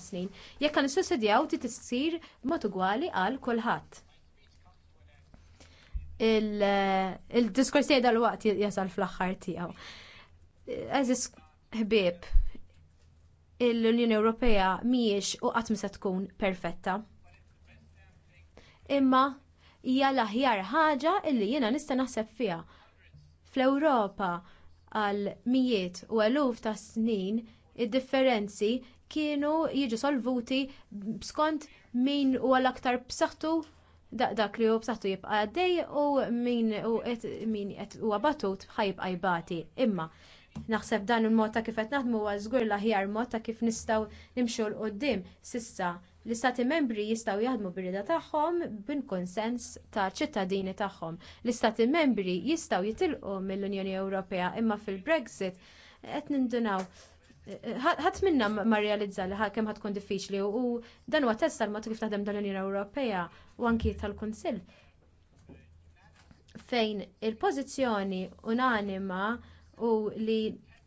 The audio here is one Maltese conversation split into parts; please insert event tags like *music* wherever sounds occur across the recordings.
snin. Jekk kan nissussidjaw ti tissir mod ugwali għal kulħadd. Il-diskors tiegħi dal-waqt jasal fl-aħħar tiegħu. Eżis ħbieb, l-Unjoni Ewropea mhijiex u qatt se tkun perfetta. Imma hija l-aħjar ħaġa illi jiena nista' naħseb fiha. Fl-Ewropa għal mijiet u eluf ta' snin id-differenzi kienu jiġu solvuti skont min huwa l-aktar b'saħħtu dak li hu b'saħħtu jibqa' għaddej u min qed huwa batut ħajbqa' jbati. Imma naħseb dan il-mod ta' kif qed naħdmu huwa żgur l-aħjar mod ta' kif nistgħu nimxu l qudiem Sissa l-istati membri jistgħu jaħdmu bir-rida tagħhom bin-konsens ta' ċittadini tagħhom. L-istati membri jistgħu jitilqu mill-Unjoni Ewropea imma fil-Brexit qed nindunaw ħadd minna ma realizza li kemm ħatkun diffiċli u dan huwa test tal-mod kif taħdem dal-Unjoni Ewropea u anki tal-Kunsill. Fejn il-pożizzjoni unanima u li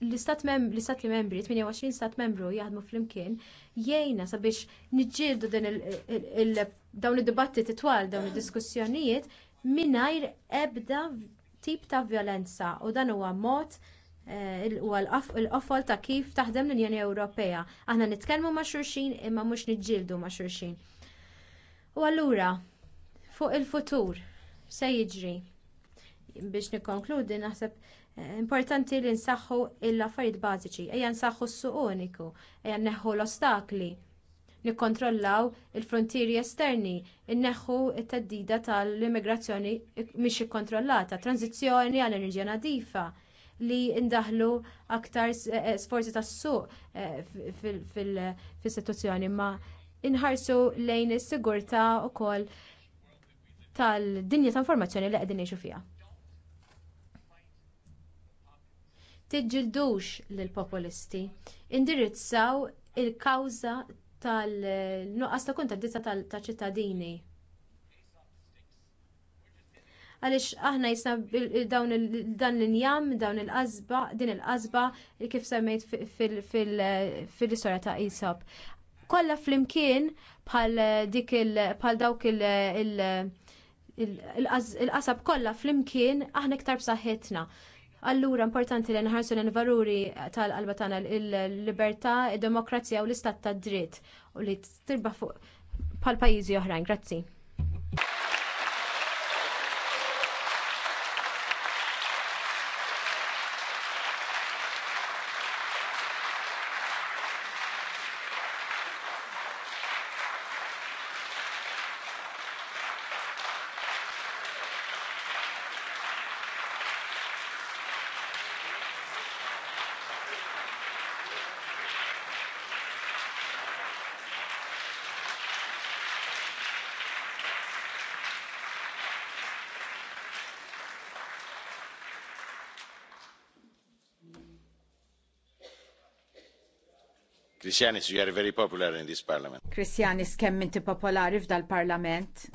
l-istat mem li membri, 28 stat membru jaħdmu flimkien jgħinna sabiex niġġieldu din dawn id-dibattiti twal dawn id-diskussjonijiet mingħajr ebda tip ta' violenza, u dan huwa mod huwa eh, l-qofol ta' kif taħdem l-Unjoni Ewropea. Aħna nitkellmu ma' xulxin imma mhux niġġieldu ma' xulxin. U allura fuq il-futur se jiġri biex nikkonkludi naħseb eh, importanti li nsaħħu l-affarijiet bażiċi, ejja nsaħħu s-suq uniku, ejja neħħu l-ostakli, nikkontrollaw il-frontieri esterni, inneħħu t teddida tal-immigrazzjoni mhix ikkontrollata, tranzizzjoni għall enerġija nadifa li ndaħlu aktar eh, eh, sforzi tas-suq eh, fil sitwazzjoni ma inħarsu lejn is-sigurtà wkoll tal-dinja ta' informazzjoni li qegħdin ngħixu fiha. Tidġildux lill populisti indirizzaw il-kawża tal-nuqqas ta' kuntentizza tal-ċittadini għaliex aħna jisna dawn dan l-injam, dawn il-qasba, din il-qasba kif semmejt fil-istorja ta' Isop. Kolla flimkien bħal dik bħal dawk il-qasab kolla flimkien aħna iktar b'saħħitna. Allura importanti li nħarsu l-valuri tal-qalba tagħna l-libertà, id-demokrazija u l-istat tad dritt u li tirba' fuq bħal pajjiżi oħrajn. Grazzi. Christianis, you are very popular in this parliament. Christianis, kemm inti popolari f'dal parlament?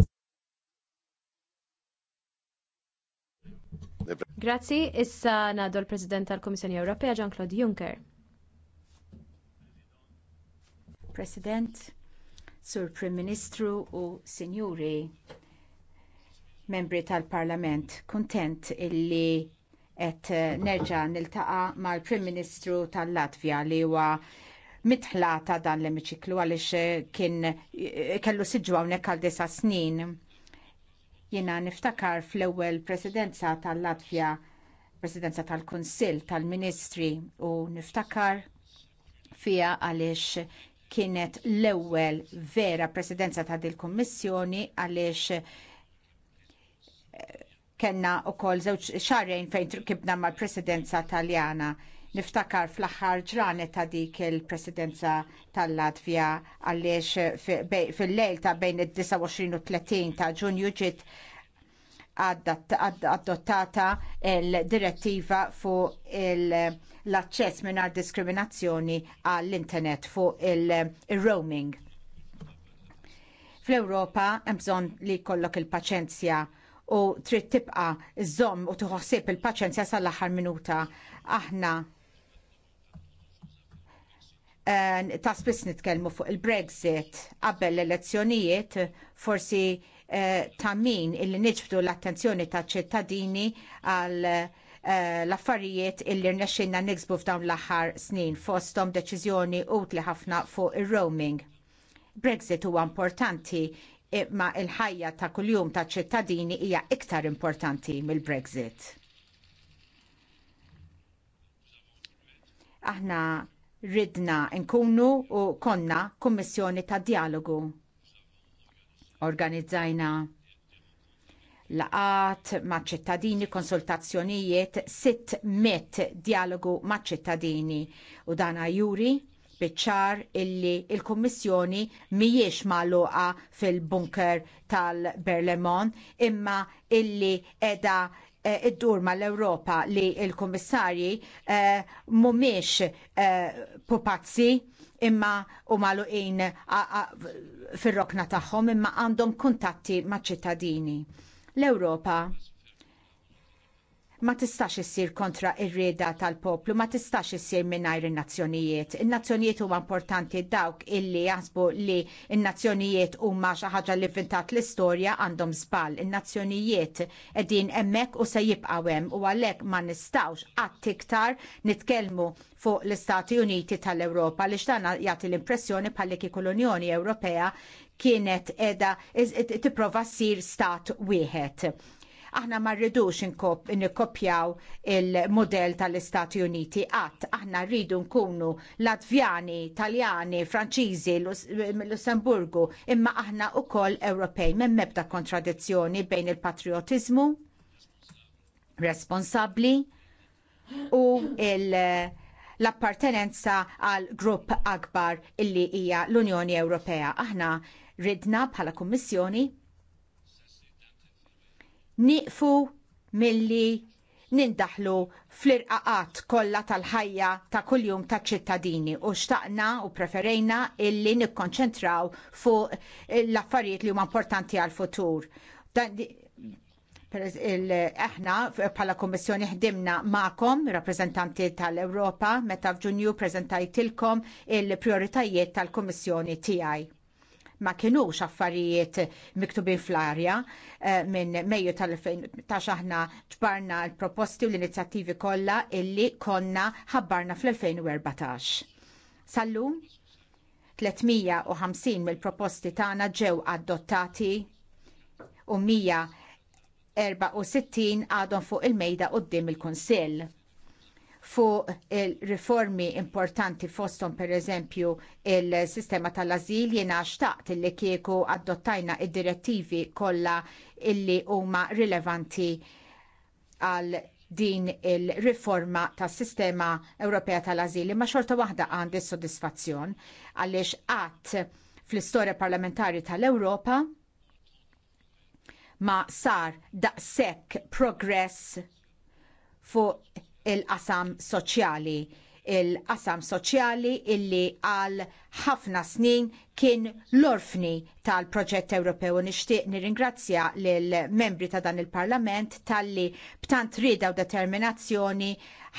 Grazzi, issa nadu l-President tal-Komissjoni Ewropea Jean-Claude Juncker. President, Sur Prim Ministru u Sinjuri, membri tal-Parlament, kontent illi qed nerġa' niltaqa' mal-Prim Ministru tal-Latvja li huwa mitħla ta' dan l-emiċiklu għaliex eh, kien eh, kellu siġu hawnhekk għal disa snin. Jiena niftakar fl-ewwel presidenza tal latvija presidenza tal-Kunsill tal-Ministri u niftakar fiha għaliex kienet l-ewwel vera presidenza ta' dil kummissjoni għaliex eh, kellna wkoll żewġ xarrejn fejn kibna mal presidenza Taljana Niftakar fl-aħħar ġranet ta' dik il-presidenza tal-Latvja għaliex fil-lejl ta' bejn id-29 u 30 ta' ġunju ġiet adottata l-direttiva fuq l-aċċess mingħajr diskriminazzjoni għall-internet fuq il-roaming. Fl-Ewropa hemm bżonn li jkollok il-paċenzja u trid tibqa' żomm u tħossib il-paċenzja sal-aħħar minuta aħna Eh, ta' spiss nitkellmu fuq il-Brexit qabel l-elezzjonijiet forsi eh, ta' min illi niġbdu l-attenzjoni ta' ċittadini għal eh, l-affarijiet illi rnexxinna niksbu f'dawn l-aħħar snin fosthom deċiżjoni utli ħafna fuq ir-roaming. Brexit huwa importanti imma il-ħajja ta' kuljum ta' ċittadini hija iktar importanti mill-Brexit. Aħna ridna nkunu u konna kummissjoni ta' dialogu. Organizzajna laqat ma' ċittadini, konsultazzjonijiet, sitt met dialogu ma' ċittadini u dana juri biċċar illi il-Kommissjoni mhijiex magħluqa fil-bunker tal-Berlemont imma illi edha Eh, id-dur l europa li il-Kommissarji eh, mumiex eh, pupazzi imma u maluqin fil-rokna tagħhom imma għandhom kuntatti ma' ċittadini. L-Europa ma tistax issir kontra ir-rieda tal-poplu, ma tistax issir mingħajr in-nazzjonijiet. In-nazzjonijiet huma importanti dawk illi jasbu li in-nazzjonijiet huma xi ħaġa li vintat l-istorja għandhom żball. In-nazzjonijiet qegħdin hemmhekk u se jibqgħu hemm u għalhekk ma nistgħux qatt iktar nitkellmu fuq l-Istati Uniti tal-Ewropa li xtana jagħti l-impressjoni bħalli kieku l-Unjoni Ewropea kienet edha tipprova ssir stat wieħed. Aħna ma rridux nikkopjaw il-modell tal-Istati Uniti qatt aħna rridu nkunu Latvjani, Taljani, Franċiżi, Lussemburgu, imma aħna wkoll Ewropej minn mebda kontradizzjoni bejn il-patriotiżmu responsabbli u il- l-appartenenza għal grupp akbar illi hija l-Unjoni Ewropea. Aħna ridna bħala Kummissjoni niqfu milli nindaħlu fl-irqaqat kollha tal-ħajja ta' kuljum ta' ċittadini u xtaqna u preferejna illi nikkonċentraw fuq l-affarijiet li huma importanti għal futur. Aħna bħala Kommissjoni ħdimna ma'kom, rappresentanti tal-Ewropa, meta f'Ġunju preżentajtilkom il-prioritajiet tal-Kommissjoni tiegħi ma kinux affarijiet miktubin fl-arja eh, minn Mejju tal-2018 aħna ġbarna l-proposti u l-inizjattivi kollha illi konna ħabbarna fl-2014. Sallum, 350 mill-proposti tagħna ġew adottati u 164 għadhom fuq il-mejda quddiem il-Kunsill fuq il-riformi importanti fosthom pereżempju il-sistema tal-azil jiena xtaqt li kieku adottajna id-direttivi kollha illi huma rilevanti għal din il-riforma tas sistema Ewropea tal-azil ma xorta waħda għandi s-sodisfazzjon għaliex qatt fl-istorja parlamentari tal-Ewropa ma sar daqshekk progress fuq il-qasam soċjali. Il-qasam soċjali illi għal ħafna snin kien l-orfni tal-proġett Ewropew nixtieq nirringrazzja lill membri ta' dan il-Parlament talli b'tant rida u determinazzjoni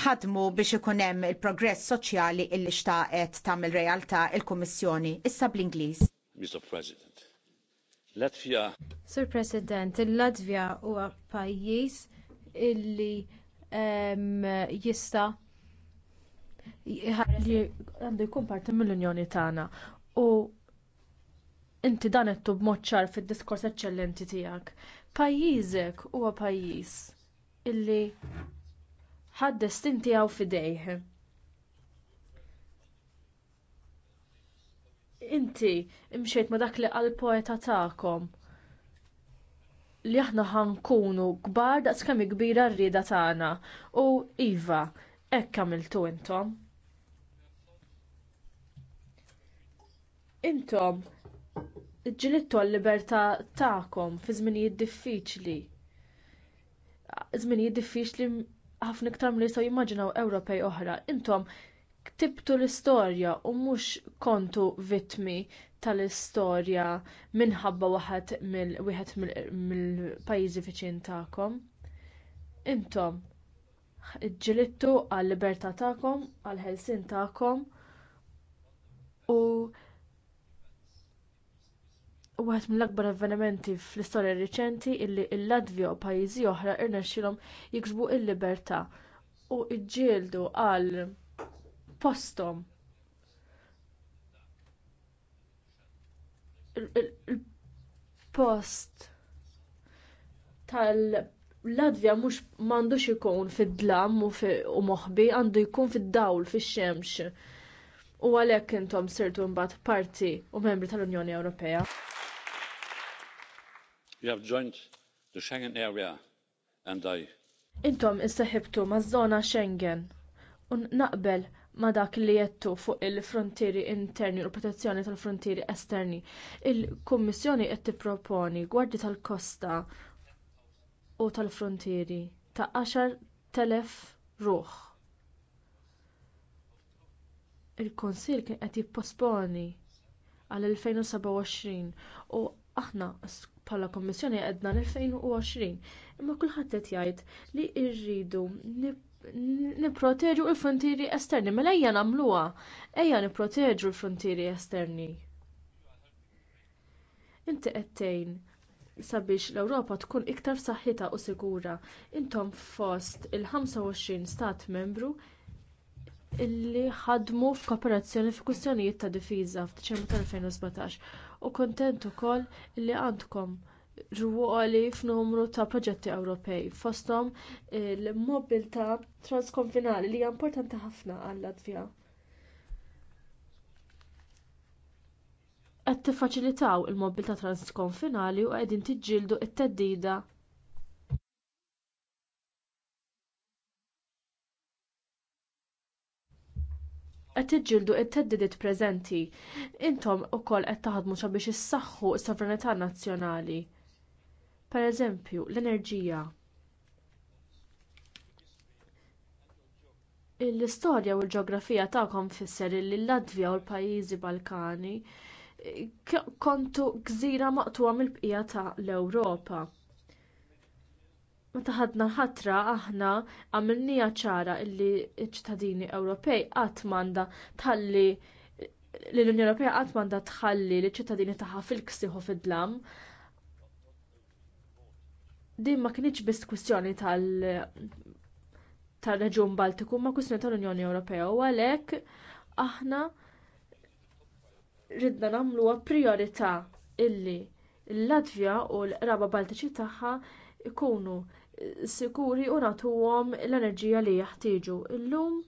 ħadmu biex ikun hemm il-progress soċjali illi xtaqet tagħmel realtà il-Kummissjoni issa bl-Ingliż. Mr. President, Latvia. Sir President, il-Latvja huwa pajjiż illi jista li għandu jkun parti mill-Unjoni tagħna u inti dan qed b'mod ċar fid-diskors eċċellenti tiegħek. Pajjiżek huwa pajjiż illi ħaddes tinti għaw fidejh. Inti imxejt ma dak li għal poeta tagħkom li aħna ħankunu kbar daqskemm kbira rrieda tagħna u iva hekk għamiltu intom. Intom ġilittu għal-libertà tagħkom fi żminijiet diffiċli. Żminijiet diffiċli ħafna iktar milli jistgħu jimmaġinaw Ewropej oħra. Intom ktibtu l-istorja u mhux kontu vittmi tal-istorja minħabba waħed mill-wieħed mill-pajjiżi viċin tagħkom. Intom ġilittu għal-libertà tagħkom, għall-ħelsien tagħkom u waħed mill-akbar avvenimenti fl-istorja riċenti illi l-Latvja u pajjiżi oħra irnexxilhom jiksbu l-libertà u iġġieldu għal posthom il-post tal-Latvja mhux m'għandux ikun fid-dlam u moħħbi, għandu jkun fid-dawl fix-xemx. U għalhekk intom sirtu mbagħad parti u membri tal-Unjoni Ewropea. We have joined the Schengen area and I. Intom isseħibtu maż-żona Schengen u naqbel ma dak li jettu fuq il-frontieri interni u l-protezzjoni tal-frontieri esterni. Il-Kummissjoni qed tipproponi gwardji tal-kosta u tal-frontieri ta' 10,000 ruħ. Il-Kunsill kien qed jipposponi għal 2027 u aħna bħala Kummissjoni għedna l-2020 imma kulħadd qed jgħid li rridu nip nipproteġu l-frontieri esterni, mela ejja nagħmluha, ejja nipproteġu l-frontieri esterni. Inti qed tgħin sabiex l-Ewropa tkun iktar saħħitha u sigura. Intom fost il-25 stat membru illi ħadmu f'kooperazzjoni fi kwistjonijiet ta' difiża f'Diċembru tal-2017 u kuntent ukoll li għandkom rwoli f'numru ta' proġetti Ewropej fosthom il-mobilità transkonfinali li hija importanti ħafna għal-Latvja. Qed tiffaċilitaw il-mobilità transkonfinali u qegħdin tiġġieldu t-theddida qed tiġġieldu t-theddidiet preżenti. Intom ukoll qed taħdmu sabiex issaħħu s-sovranità nazzjonali. Pereżempju, l-enerġija. L-istorja u l-ġeografija tagħkom fisser li l-Latvja u l-pajjiżi Balkani eh, kontu gżira maqtuwa mill-bqija ta' l-Ewropa. Meta ħadna ħatra aħna għamilnija ċara illi ċ-ċittadini Ewropej qatt m'għandha tħalli l-Unjoni Ewropea qatt m'għandha tħalli l-ċittadini tagħha fil-ksieħu fid-dlam Din ma kienx biss kwistjoni tal tal-Reġjun Baltiku ma kwistjoni tal-Unjoni Ewropea u għalhekk aħna ridna nagħmluha priorità illi l-Latvja u l-qraba Baltiċi tagħha ikunu sikuri u nagħtuhom l-enerġija li jeħtieġu. Illum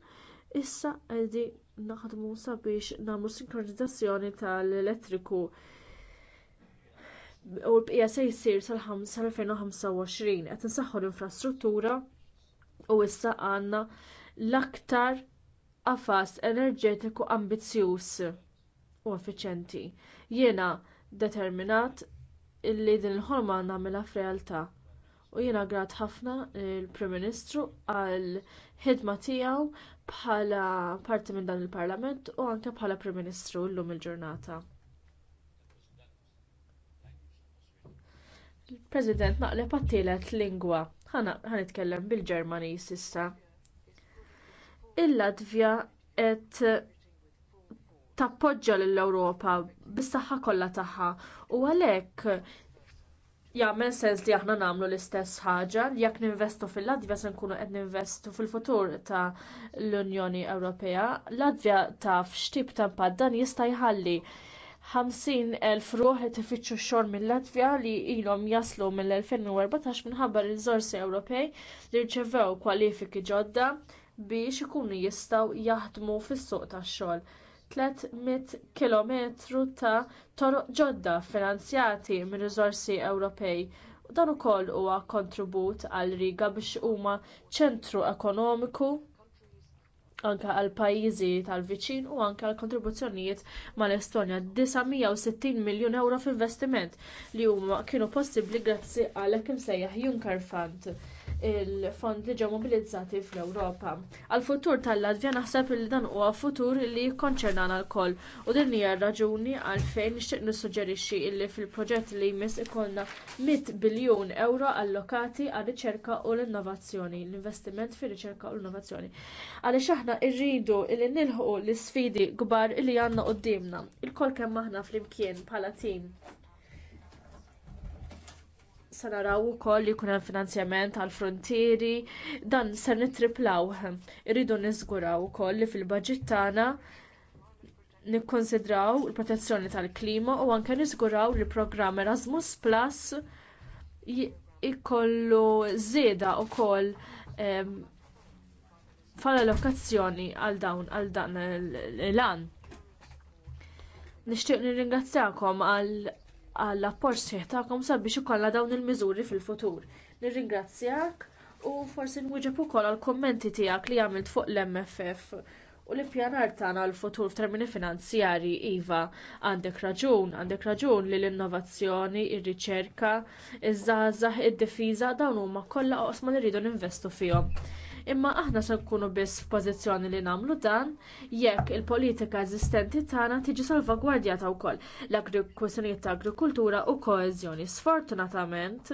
issa qegħdi naħdmu sabiex nagħmlu sinkronizzazzjoni tal-elettriku u l-bqija se jsir sal-2025 qed insaħħu l-infrastruttura u issa għandna l-aktar qafas enerġetiku ambizzjuż u effiċjenti. Jiena determinat illi din il-ħolma nagħmilha f'realtà u jiena grat ħafna il-Prim Ministru għall ħidma tiegħu bħala parti minn dan il-Parlament u anke bħala Prim Ministru llum il-ġurnata. il-President naqleb għat-tielet lingwa ħanitkellem bil-Ġermaniż issa. Il-Latvja qed tappoġġja lill-Ewropa bis-saħħa kollha tagħha u għalhekk jagħmel sens li aħna nagħmlu l-istess ħaġa li jekk ninvestu fil-Latvja se nkunu qed ninvestu fil-futur ta' l-Unjoni Ewropea. Latvja taf x'tip ta' impatt dan jista' jħalli 50,000 ruħ li ifittxu x-xogħol mill-Latvja li ilhom jaslu mill-2014 minħabba r-riżorsi Ewropej li rċevew kwalifiki ġodda biex ikunu jistgħu jaħdmu fis-suq tax-xogħol. 300 kilometru ta' toroq ġodda finanzjati minn riżorsi Ewropej dan ukoll huwa kontribut għal Riga biex huma ċentru ekonomiku anke għal pajjiżi tal-viċin u anke għal kontribuzzjonijiet mal-Estonja 960 miljun euro f'investiment li huma kienu possibbli grazzi għal hekk imsejjaħ Juncker Fund il fond li ġew mobilizzati fl-Ewropa. Għal-futur tal-Latvja naħseb li dan huwa futur li jikkonċernana lkoll u din hija r raġuni għalfejn nixtieq nissuġġerixxi li fil-proġett li jmiss ikollna 100 biljun euro allokati għal riċerka u l-innovazzjoni, l-investiment fir riċerka u l-innovazzjoni. Għaliex aħna rridu li nilħu l-sfidi kbar li għandna qudiemna, il koll kemm aħna flimkien bħala tim se naraw ukoll li jkun hemm finanzjament għall frontieri dan se nittriplaw. Irridu niżguraw ukoll li fil-baġit tagħna nikkonsidraw il-protezzjoni tal-klima u anke niżguraw li programm Erasmus Plus ikollu żieda wkoll fal allokazzjoni għal dawn għal dan l-lan. Nixtieq nirringrazzjakom għal għall apport sħiħ tagħkom sabiex ikollha dawn il-miżuri fil-futur. Nirringrazzjak u forsi nwieġeb ukoll għall kummenti tiegħek li għamilt fuq l-MFF u l-ippjanar tagħna l-futur f'termini finanzjarji iva għandek raġun, għandek raġun li l-innovazzjoni, ir-riċerka, iż-żgħażagħ id-difiża dawn huma kollha oqsma li rridu ninvestu fihom imma aħna se nkunu biss f'pożizzjoni li nagħmlu dan jekk il-politika eżistenti tagħna tiġi salvagwardjata wkoll l-kwistjonijiet ta' agrikultura u koeżjoni. Sfortunatament,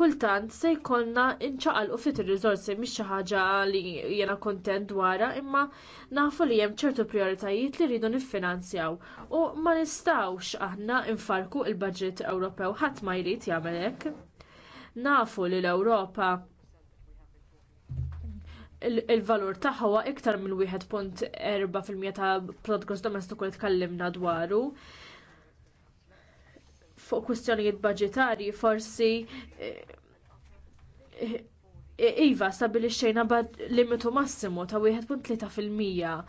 kultant se jkollna nċaqalqu ftit ir-riżorsi mhix xi ħaġa li jiena kuntent dwarha imma nafu li hemm ċertu prijoritajiet li rridu niffinanzjaw u ma nistgħux aħna nfarku l budġett Ewropew ħadd ma jrid jagħmel hekk nafu li l-Ewropa il-valur tagħha iktar minn 1.4% ta' prodott gross domestiku li tkellimna dwaru. Fuq kwistjonijiet budġetarji forsi eh, eh, Iva stabilixxejna bad limitu massimu ta' 1.3%.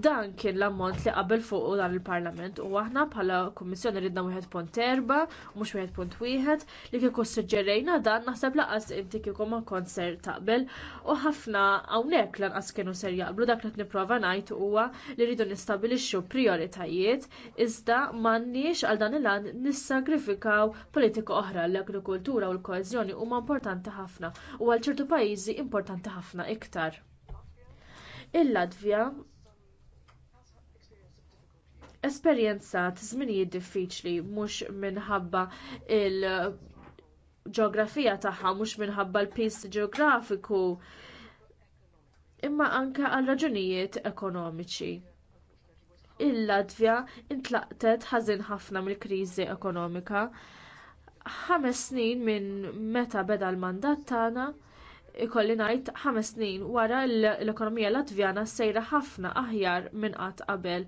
Dan kien l-ammont li qabel fuq dan il-Parlament u aħna bħala Kummissjoni ridna 1.4 mhux 1.1 li kieku suġġerejna dan naħseb laqas inti kieku ma kont ser taqbel u ħafna hawnhekk lanqas kienu ser jaqblu dak li qed nipprova ngħid huwa li rridu nistabilixxu prioritajiet iżda m'għandniex għal dan il-għan nissagrifikaw politika oħra l-agrikoltura u l-koeżjoni huma importanti ħafna u għal ċertu ċertu pajjiżi importanti ħafna iktar. Il-Latvja esperjenzat żminijiet diffiċli mhux minħabba l ġeografija tagħha mhux minħabba l-pis ġeografiku imma anke għal raġunijiet ekonomiċi. Il-Latvja intlaqtet ħażin ħafna mill-kriżi ekonomika. Ħames snin minn meta beda l-mandat tagħna ikolli ngħid ħames snin wara l-ekonomija Latvjana sejra ħafna aħjar minn qatt qabel.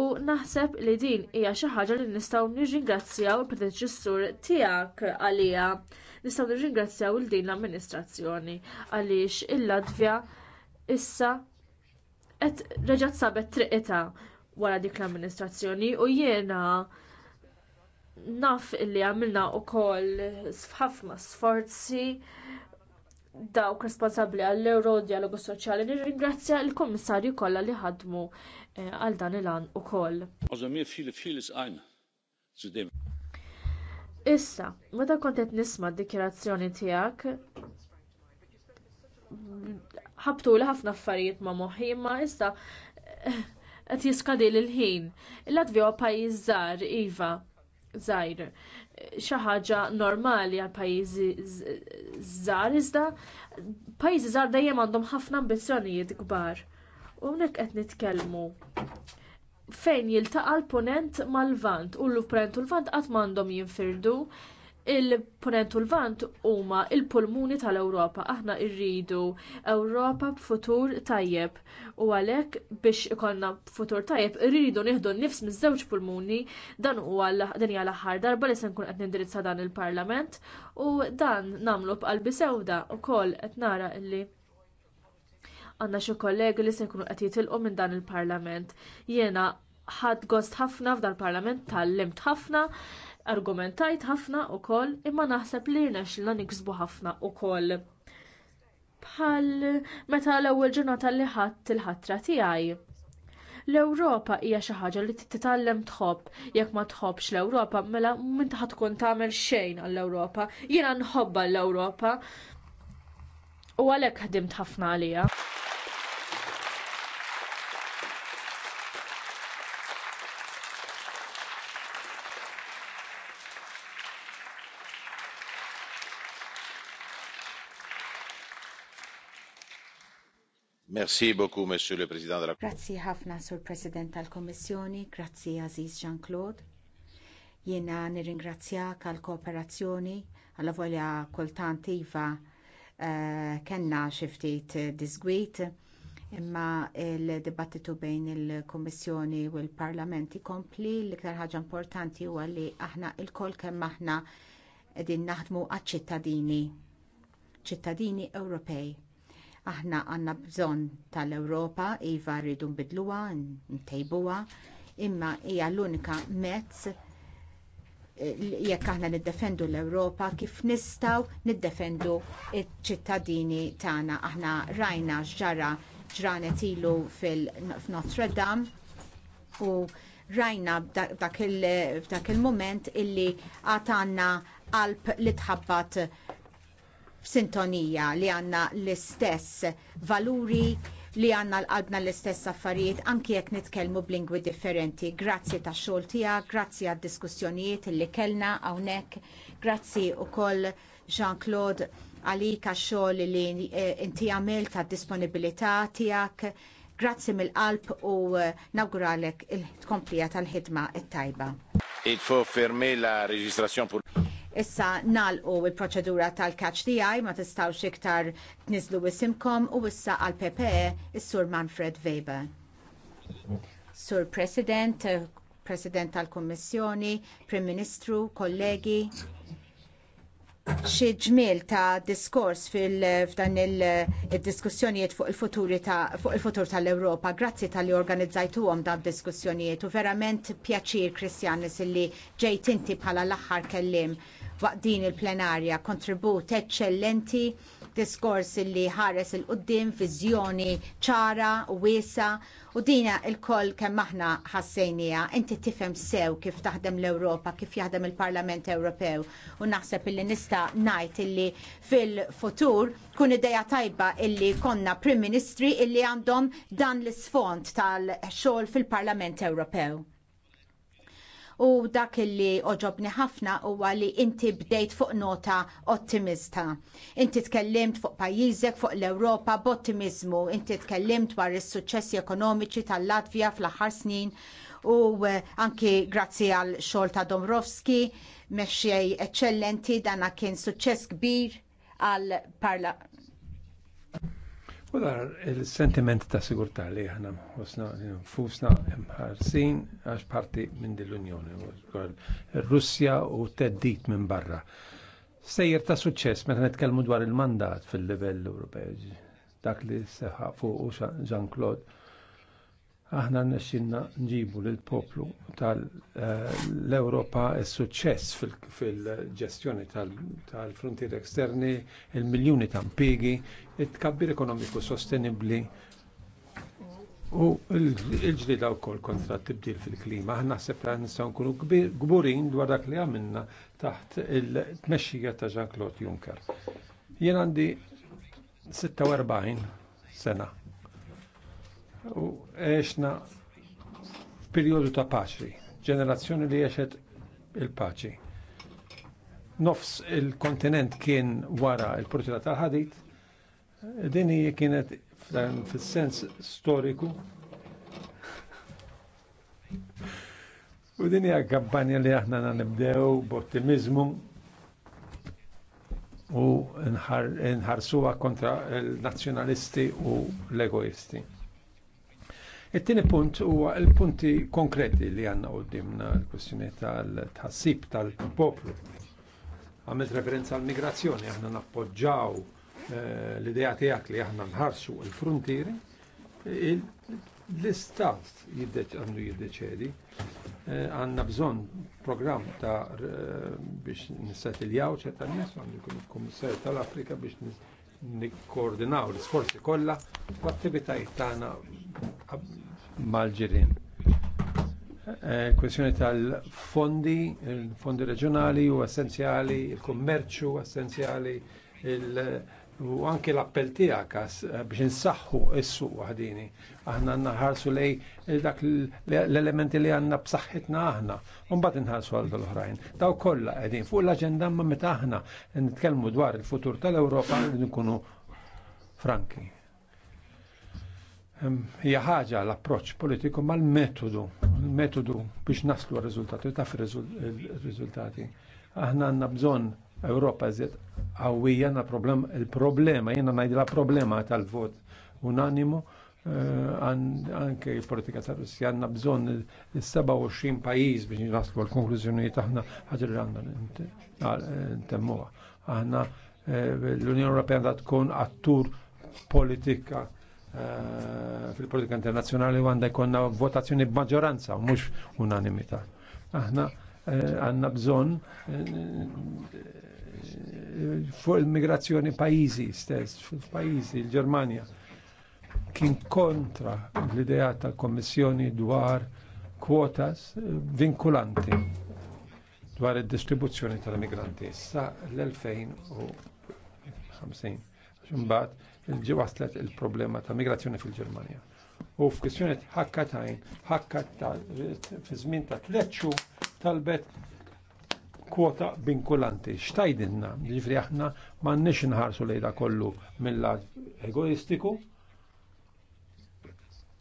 U naħseb li din hija xi ħaġa li nistgħu nirringrazzjaw il-predeċessur tiegħek għaliha. Nistgħu nirringrazzjaw il din l-amministrazzjoni għaliex il-Latvja issa qed reġgħet sabet triqita wara dik l-amministrazzjoni u jiena naf illi għamilna wkoll ħafna sforzi dawk responsabbli għall-euro dialogu soċjali nirringrazzja l-kummissarju kollha li ħadmu eh, għal dan il-għan ukoll. Issa, meta kont nisma' d dikjerazzjoni tiegħek ħabtu li ħafna affarijiet ma' moħħi issa eh, qed jiskadil il ħin Il-Latvija huwa pajjiż iva żgħir xi ħaġa normali għal pajjiżi żgħar iżda pajjiżi żgħar dejjem għandhom ħafna ambizzjonijiet kbar. U hawnhekk qed nitkellmu fejn jiltaqa' l-punent mal-lvant u l-punent u l-lvant qatt m'għandhom jinfirdu il-punent u l-vant huma l pulmuni tal-Ewropa. Aħna rridu Ewropa b'futur tajjeb u għalhekk biex ikollna futur tajjeb irridu nieħdu nnifs miż-żewġ pulmuni dan huwa din hija l-aħħar darba li se nkun qed nindirizza dan il-Parlament u dan nagħmlu b'qalbi sewda wkoll qed nara illi għandna xi kollegi li se jkunu qed jitilqu minn dan il-Parlament. Jiena ħadd gost ħafna f'dan il parlament tal-limt ħafna Argumentajt ħafna wkoll imma naħseb li rnexxilna niksbu ħafna wkoll. Bħal meta l-ewwel ġurnata li ħadd il-ħatra tiegħi. L-Ewropa hija xi ħaġa li titgħallem tħobb, jekk ma tħobbx l-Ewropa mela m'inti tkun tagħmel xejn għall-Ewropa. Jiena nħobba l-Ewropa u għalhekk ħdimt ħafna għaliha. Merci beaucoup, Monsieur le Président. La... Grazzi ħafna, Sur President tal-Kommissjoni, grazzi Aziz Jean-Claude. Jiena nirringrazzjak għall kooperazzjoni għal volja kultant iva uh, xi xiftit disgwit imma il-dibattitu bejn il-Kommissjoni u l-Parlament ikompli l-iktar ħaġa importanti huwa li aħna il-kol kemm aħna qegħdin naħdmu għaċ-ċittadini, ċittadini Ewropej Aħna għandna bżonn tal-Ewropa, iva rridu nbidluha, ntejbuha, imma hija l-unika mezz eh, jekk aħna niddefendu l-Ewropa kif nistgħu niddefendu ċ-ċittadini tagħna. Aħna rajna x'ġara ġranet ilu fil-Notre Dame u rajna f'dak il mument illi għad għandna qalb li tħabbat F'sintonija li għandna l-istess valuri li għandna l-qalbna l-istess affarijiet anki jekk nitkellmu b'lingwi differenti. Grazzi tax xogħol tiegħek, grazzi għad diskussjonijiet li kellna hawnhekk, grazzi wkoll Jean-Claude għalik għax-xogħol li eh, inti għamil ta' disponibilità tiegħek. Grazzi mill-qalb u eh, nawguralek il-tkomplija tal-ħidma it-tajba. Il-fu la Issa nalqu il-proċedura tal-catch DI ma tistawx iktar tniżlu wisimkom u issa għal PPE s sur Manfred Weber. Sur President, President tal-Kommissjoni, Prim Ministru, kollegi, xi ġmiel ta' diskors f'dan il-diskussjonijiet fuq il-futur fuq il-futur tal europa Grazzi tal-li organizzajtuhom dan diskussjonijiet u verament pjaċir Kristjan li ġejt inti bħala l-aħħar kellim waqt din il-plenarja kontribut eċċellenti diskors li ħares il-qoddim, viżjoni ċara u wiesa u dina il-koll kemm aħna ħassejnija. Inti tifhem sew kif taħdem l-Ewropa, kif jaħdem il-Parlament Ewropew u naħseb illi nista' ngħid illi fil-futur kun ideja tajba illi konna Prim Ministri illi għandhom dan l isfond tal-xogħol fil-Parlament Ewropew u dak li oġobni ħafna huwa li inti bdejt fuq nota ottimista. Inti tkellimt fuq pajjiżek, fuq l-Ewropa b'ottimizmu, inti tkellimt dwar is-suċċessi ekonomiċi tal-Latvja fl-aħħar snin u eh, anki grazzi għal xogħol ta' Domrovski, meċċej eċċellenti dana kien suċċess kbir għal parla U il-sentiment ta' sigurtà li aħna wasna nfusna mħarsin għax parti minn dil l-Unjoni, Russja u teddit minn barra. Sejjer ta' suċċess meta nitkellmu dwar il-mandat fil-livell Ewropej. Dak li seħaq fuq Jean-Claude aħna nixinna nġibu lill poplu tal-Europa eh, s-suċċess fil-ġestjoni tal-frontier eksterni, il-miljoni ta' pigi it-kabbir ekonomiku sostenibli u l-ġdida wkoll kontra t-tibdil fil-klima. Aħna naħseb li nistgħu nkunu gburin dwar dak li għamilna taħt il-tmexxija ta' Jean-Claude Juncker. Jien għandi 46 sena. U għexna f'perjodu ta' paċi, ġenerazzjoni li għexet il-paċi nofs il-kontinent kien wara il-portila tal-ħadit, Din hija kienet fis-sens storiku U din hija kampanja li aħna nibdew b'ottimizmu u nħarsuha kontra l-nazzjonalisti u l-egoisti. It-tieni punt huwa l-punti konkreti li għandna qudiemna l-kwestjoni tal-tħassib tal-poplu. Għamilt referenza għall migrazzjoni aħna nappoġġaw Eh, l-idea tiegħek li aħna nħarsu l-frontieri, l-istat għandu jiddeċedi eh, għanna bżon program ta' biex il-jaw ċetta nis, għandu jkun il tal-Afrika biex nikkoordinaw l-sforzi kollha l-attivitajiet tagħna mal-ġirien. Eh, kwestjoni tal-fondi, il-fondi reġjonali u essenzjali, il-kummerċu essenzjali, il-, -fondi, il u anke l-appell tiegħek eh, biex insaħħu s-suq waħdini. Aħna naħarsu lej dak l-elementi li għandna b'saħħitna aħna, u mbagħad inħarsu għal l-oħrajn. Daw kollha qegħdin fuq l-aġenda ma meta aħna nitkellmu dwar il-futur tal-Ewropa nkunu franki. Hija ħaġa l-approċċ politiku mal-metodu, metodu biex naslu r-riżultati, taf ir-riżultati. Aħna għandna bżonn Ewropa zed għawija na problem, il-problema, jena najdila problema tal-vot unanimu eh, anke il-politika ta' Russi għanna bżon il-27 pajis biex naslu għal konklużjoni taħna ħadir għanna n ntemmuha. Għanna eh, l-Unjoni Ewropea għandha tkun attur politika eh, fil-politika internazjonali għandha jkonna votazzjoni b'maġġoranza u mux unanimita. Aħna għanna bżon fuq il-migrazzjoni pajizi stess, fil-pajizi, il-Germania, kien kontra l-idea tal-Kommissjoni dwar kwotas vinkulanti dwar il distribuzzjoni tal-migranti sa l-2050. Xumbat il-ġiwaslet il-problema ta' migrazzjoni fil-Germania. U f'kwistjoni ħakkatajn, ħakkat fi żmien ta' tletxu talbet kwota vinkulanti. Xtajdinna, ġifri aħna ma nix nħarsu lejda kollu mill-lat egoistiku.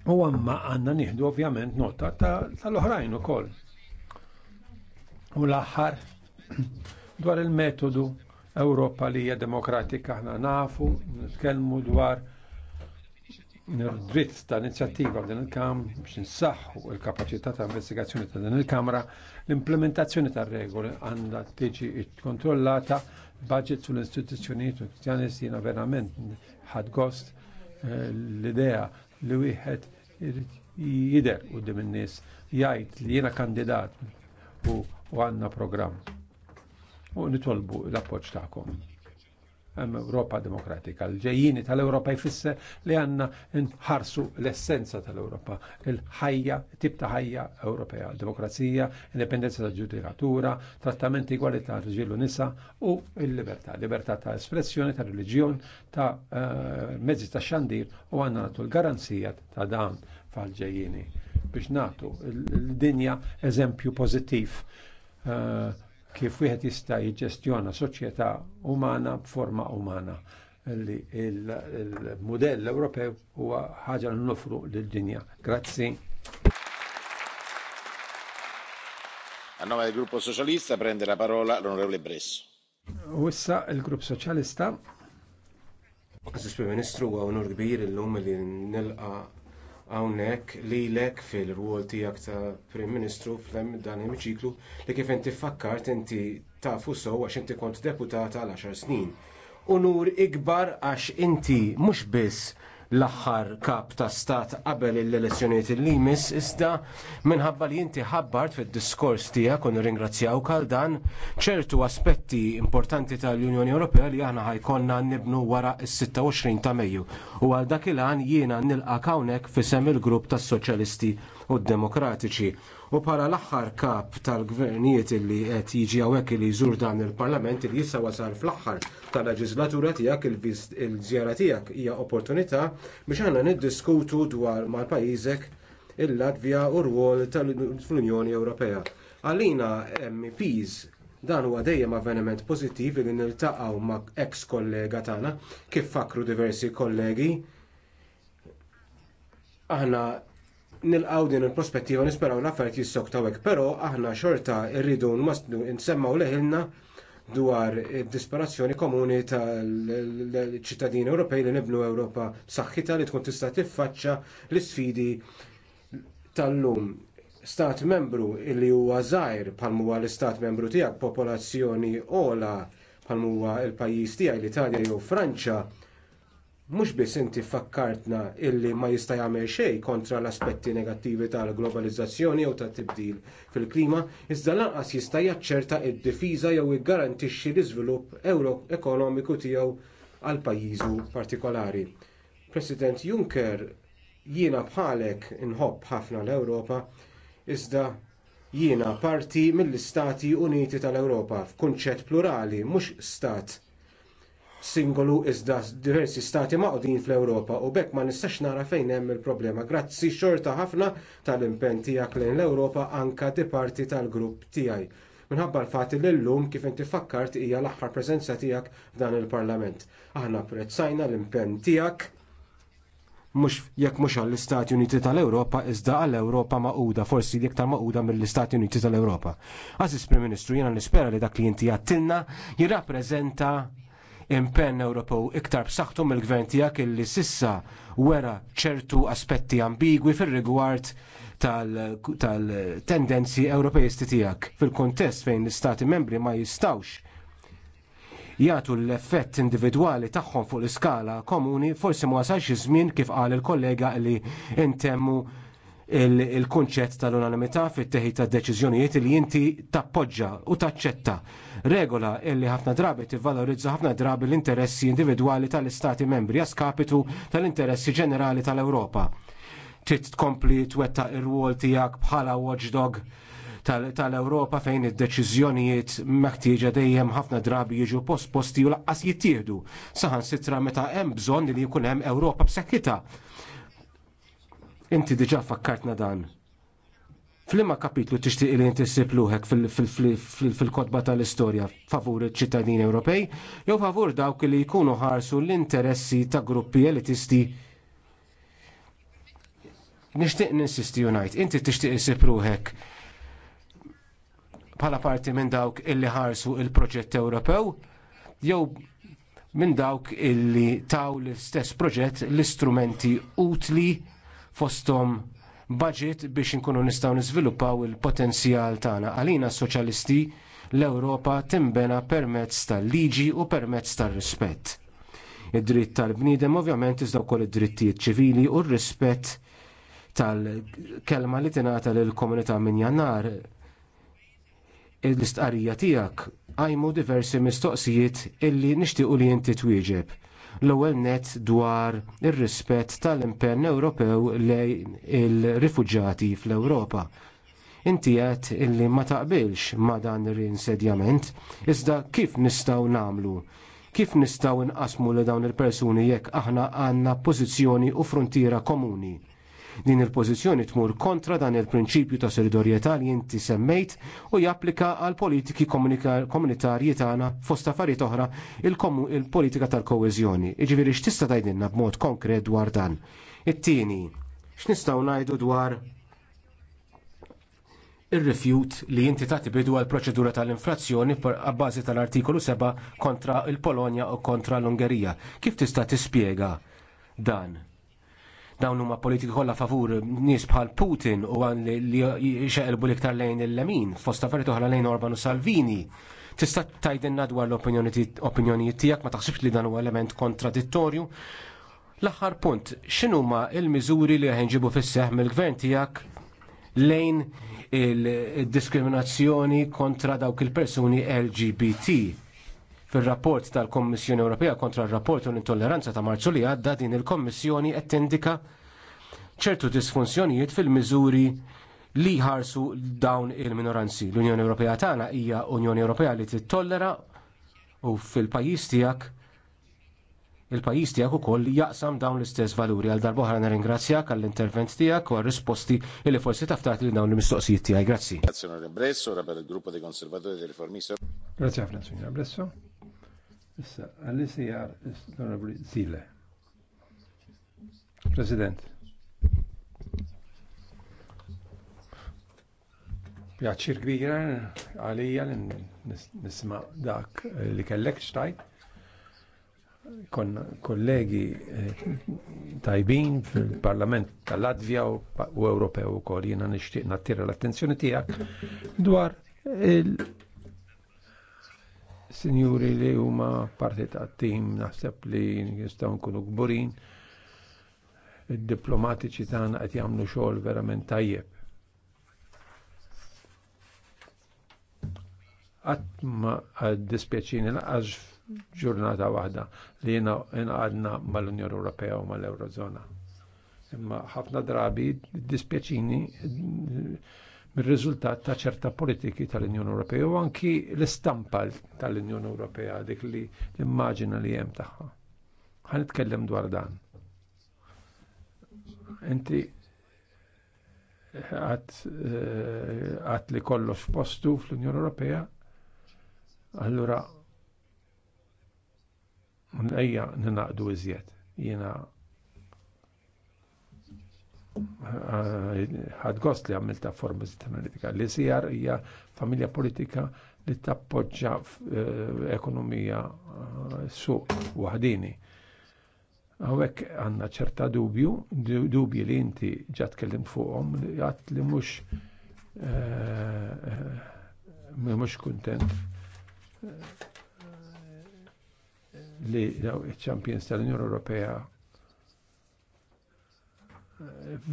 U għamma għanna nieħdu ovvjament nota tal-oħrajn ta ukoll. U l-aħħar *clears throat* dwar il-metodu Ewropa li hija demokratika aħna nafu, nitkellmu dwar nirdritt ta' inizjattiva din il-kam biex nsaħħu l-kapaċità ta' investigazzjoni ta' din il-Kamra, l-implementazzjoni ta' regoli għandha tiġi kontrollata, budget sul istituzzjonijiet u kristjanisti jiena verament ħad gost eh, l-idea li wieħed jider u dim nies jgħid li jiena kandidat u għandna programm. U nitolbu l-appoġġ tagħkom. Europa demokratika. L-ġejjini tal-Europa jfisser li għanna nħarsu l-essenza tal-Europa, il-ħajja, tip ta' ħajja Ewropea, demokrazija, indipendenza ta' ġudikatura, trattamenti igwali ta' rġilu nisa u l-libertà, libertà ta' espressjoni, ta' religjon, ta' eh, mezzi ta' xandir u għanna natu l-garanzija ta' dan fal-ġejjini biex natu l-dinja eżempju pozittiv. Uh, eh, kif wieħed jista' jiġġestjona soċjetà umana b'forma umana li il-modell Ewropew huwa ħaġa li nofru lid-dinja. Grazzi. A nome del gruppo socialista prende la parola l'onorevole Bresso. Wissa il-grupp socialista. Għazis Prim Ministru għu onur kbir il-lum li nilqa hawnhekk lilek fil-rwol tiegħek ta' Prim Ministru dan l-emiċiklu li kif inti fakkart inti tafu sew għax inti kont deputata għal 10 snin. Unur ikbar għax inti mhux biss l-aħħar kap ta' stat qabel l-elezzjonijiet il limis iżda minħabba li inti ħabbart fid-diskors tiegħek u nirringrazzjawk għal dan ċertu aspetti importanti tal-Unjoni Ewropea li aħna ħajkonna nibnu wara s-26 ta' Mejju u għal dak il-għan jiena nilqa' hawnhekk fisem il-grupp tas-Soċjalisti u d Demokratiċi U para l-aħħar kap tal-gvernijiet li qed jiġi hawnhekk li jżur dan il-Parlament li jissa wasal fl-aħħar tal-leġislatura tiegħek il-żjara tiegħek hija opportunità biex aħna niddiskutu dwar mal-pajjiżek il-Latvja u r-rwol tal-Unjoni Ewropea. Għalina MPs dan huwa dejjem avveniment pożittiv li niltaqgħu ma' ex kollega tagħna kif fakru diversi kollegi aħna nilqaw din il-prospettiva nisperaw l-affarijiet jissoktaw hekk, però aħna xorta rridu nmastnu nsemmaw leħilna dwar id-disperazzjoni komuni tal-ċittadini Ewropej li nibnu Ewropa b'saħħitha li tkun tista' tiffaċċja l-isfidi tal-lum. Stat membru li huwa żgħir bħal huwa l-istat membru tiegħek popolazzjoni ola bħal huwa l-pajjiż tiegħi l-Italja jew Franċa mhux biss inti fakkartna illi ma jista' jagħmel xejn kontra l-aspetti negattivi tal-globalizzazzjoni jew tat-tibdil fil-klima, iżda lanqas jista' jaċċerta d-difiża jew iggarantixxi l-iżvilupp ekonomiku tiegħu għal pajjiżu partikolari. President Juncker jiena bħalek inħobb ħafna l-Ewropa, iżda jiena parti mill-Istati Uniti tal-Ewropa f'kunċett plurali, mhux stat singolu iżda diversi stati maqdin fl-Ewropa u bekk ma nistax nara fejn hemm il-problema. Grazzi xorta ħafna tal-impenn tiegħek lejn l-Ewropa anka di parti tal-grupp tiegħi. Minħabba l-fat li llum kif inti fakkart hija l-aħħar preżenza tiegħek f'dan il-Parlament. Aħna apprezzajna l-impenn tiegħek mhux jekk mhux għall-Istati Uniti tal-Ewropa iżda għall-Ewropa maquda, forsi l-iktar maquda mill-Istati Uniti tal-Ewropa. Aziz Prim Ministru, jiena nispera li dak li inti għattilna jirrappreżenta impenn Ewropew iktar b'saħħtu mill-gvern tiegħek illi sissa wera ċertu aspetti ambigwi fir-rigward tal-tendenzi tal Ewropejisti tiegħek fil-kuntest fejn l-istati membri ma jistawx jagħtu l-effett individwali tagħhom fuq l-iskala komuni forsi ma wasalx iż-żmien kif qal il-kollega li intemmu il-kunċett tal-unanimità fit-teħid ta' deċiżjonijiet li inti tappoġġa u taċċetta. Regola illi ħafna drabi tivvalorizza ħafna drabi l-interessi individwali tal-istati membri jaskapitu tal-interessi ġenerali tal-Ewropa. Tit tkompli twettaq ir-rwol tiegħek bħala watchdog tal-Ewropa fejn id-deċiżjonijiet meħtieġa dejjem ħafna drabi jiġu post posti u laqqas jittieħdu. Saħan sitra meta hemm bżonn li jkun hemm Ewropa b'sekkita Inti diġa' fakkartna dan. Flimma kapitlu tixtieq li inti sipluħek fil-kodba tal-istorja favur iċ-ċittadini Ewropej jew favur dawk li jkunu ħarsu l-interessi ta' gruppi elitisti Nixtieq ninsisti unajt, inti tixtieq isipruħek bħala parti minn dawk illi ħarsu l proġett Ewropew jew minn dawk illi taw l-istess proġett l-istrumenti utli fosthom budget biex inkunu nistgħu nizviluppaw il-potenzjal tagħna. Għalina soċjalisti l-Ewropa timbena permezz tal-liġi u permezz tar-rispett. Id-dritt tal-bniedem ovvjament iżda wkoll id-drittijiet ċivili u r-rispett tal-kelma li tingħata lill komunità minn jannar l-istqarrija tiegħek għajmu diversi mistoqsijiet illi nixtiequ li inti twieġeb l-ewwel nett dwar ir-rispett tal-impenn Ewropew lejn il-rifuġġati fl-Ewropa. Inti qed illi ma taqbilx ma dan ir-insedjament, iżda kif nistgħu nagħmlu? Kif nistgħu nqasmu li dawn il-persuni jekk aħna għandna pożizzjoni u frontiera komuni? Din il-pożizzjoni tmur kontra dan il-prinċipju ta' solidarjetà li inti semmejt u japplika għal politiki komunitarji tagħna fost affarijiet oħra il-politika tal-koeżjoni. Iġifieri x'tista' tgħidilna b'mod konkret dwar dan. It-tieni, x'nistgħu ngħidu dwar ir-rifjut li inti tagħti bidu għal proċedura tal-infrazzjoni għabbażi tal-artikolu 7 kontra il-Polonja u kontra l-Ungerija. Kif tista' tispjega dan? Dawn huma politiki kollha favur nies bħal Putin u għan li jxeqelbu liktar lejn il-lemin, fost affarijiet oħra lejn Orban u Salvini. Tista' tgħidilna dwar l-opinjonijiet tiegħek ma taħsibx li dan huwa element kontradittorju. L-aħħar punt, x'inhuma l-miżuri li ħenġibu fis-seħħ mill-gvern tiegħek lejn il-diskriminazzjoni kontra dawk il-persuni LGBT fir rapport tal kummissjoni Ewropea kontra r-rapport u l-intolleranza ta' marzu li għadda din il-Kommissjoni qed tindika ċertu disfunzjonijiet fil-miżuri li ħarsu dawn il-minoranzi. L-Unjoni Ewropea tagħna hija Unjoni Ewropea li tittollera u fil-pajjiż tiegħek il pajjiż tiegħek ukoll jaqsam dawn l-istess valuri. Għal darbohra na nirringrazzjak għall-intervent tiegħek u għal-risposti li forsi taftat li dawn l-mistoqsijiet tiegħi. Grazzi. Grazie, Bresso, ora per il gruppo dei conservatori e dei Grazie, Franz, signora Bresso. Issa, għall-ICR, l-Onorevoli Zile. President. Pjaċir kbira għalija li nisma dak li kellek xtajt. Kon kollegi eh, tajbin fil-Parlament tal latvija u Ewropew u kol jena nishtiq nattira l-attenzjoni tijak dwar sinjuri li huma parti ta' tim naħseb li nistgħu nkunu kburin. Id-diplomatiċi tagħna qed jagħmlu xogħol verament tajjeb. Qatt ma dispjaċini laqgħax ġurnata waħda li jiena inqadna mal-Unjoni Ewropea u mal-Eurozona. Imma ħafna drabi dispjaċini mir-riżultat ta' ċerta politiki tal-Unjoni Ewropea u anki l-istampa tal-Unjoni Ewropea dik li l-immaġina li hemm tagħha. Ħan nitkellem dwar dan. Inti eh, għat li kollox postu fl-Unjoni Ewropea, allura Ejja ninaqdu iżjed. Jiena ħad gost li għamilta forma politika. Li sijar hija familja politika li tappoġġa eh, ekonomija eh, suq waħdini. Għawek għanna ċerta dubju, dubji li inti ġat kellim fuqom, għat li mux eh, mux kontent li Champions tal-Unjoni Ewropea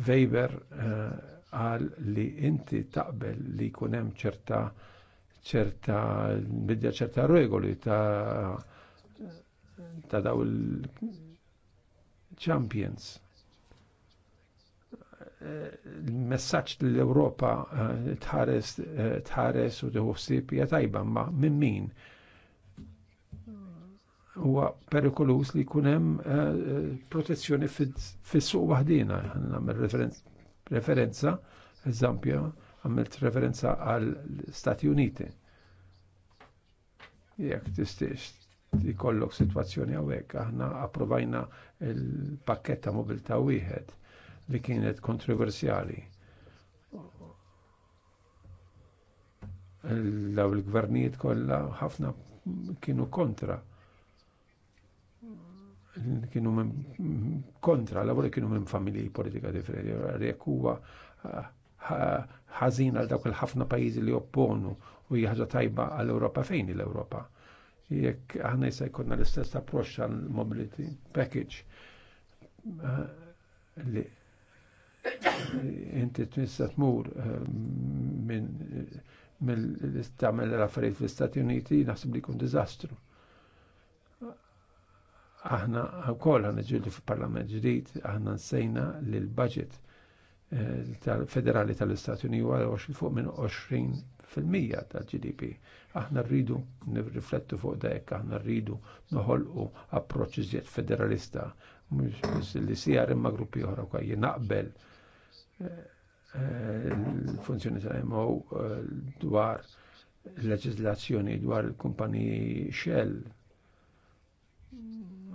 Weber eh, għal li inti taqbel li kunem ċerta ċerta bidja ċerta regoli ta' ta' daw il-champions. Eh, Il-messagġ l-Europa eh, tħares u tħossib hija tajba ma' minn min huwa perikolus li jkun hemm eh, eh, protezzjoni fis-suq waħdina. Nagħmel referenza, eżempju, għamilt referenza għal Stati Uniti. Jekk tistiex ikollok sitwazzjoni hawnhekk, aħna approvajna il-pakket ta' mobilta wieħed li kienet kontroversjali. Daw il-gvernijiet kollha ħafna kienu kontra kienu minn kontra, l-għavoli kienu minn familji politika differenti, rek huwa ħażin għal dawk il-ħafna pajizi li opponu u jħaġa tajba għall europa fejn l europa Jekk għana jista' jkollna l-istess approċċ għal mobility package li inti tmissa mur minn l istamel l-affarijiet fl-Istati Uniti naħseb li kun dizastru. Aħna wkoll għandna ġildu fil-Parlament ġdid, aħna nsejna li l-budget eh, tal-federali tal-Istati Uniti huwa fuq minn 20 fil-mija tal-GDP. Aħna rridu nirriflettu fuq dek, aħna rridu noħolqu approċċ iżjed federalista, mhux li sijar imma gruppi oħra wkoll naqbel eh, eh, l-funzjoni tal-MO dwar l-leġizlazzjoni dwar il-kumpaniji Shell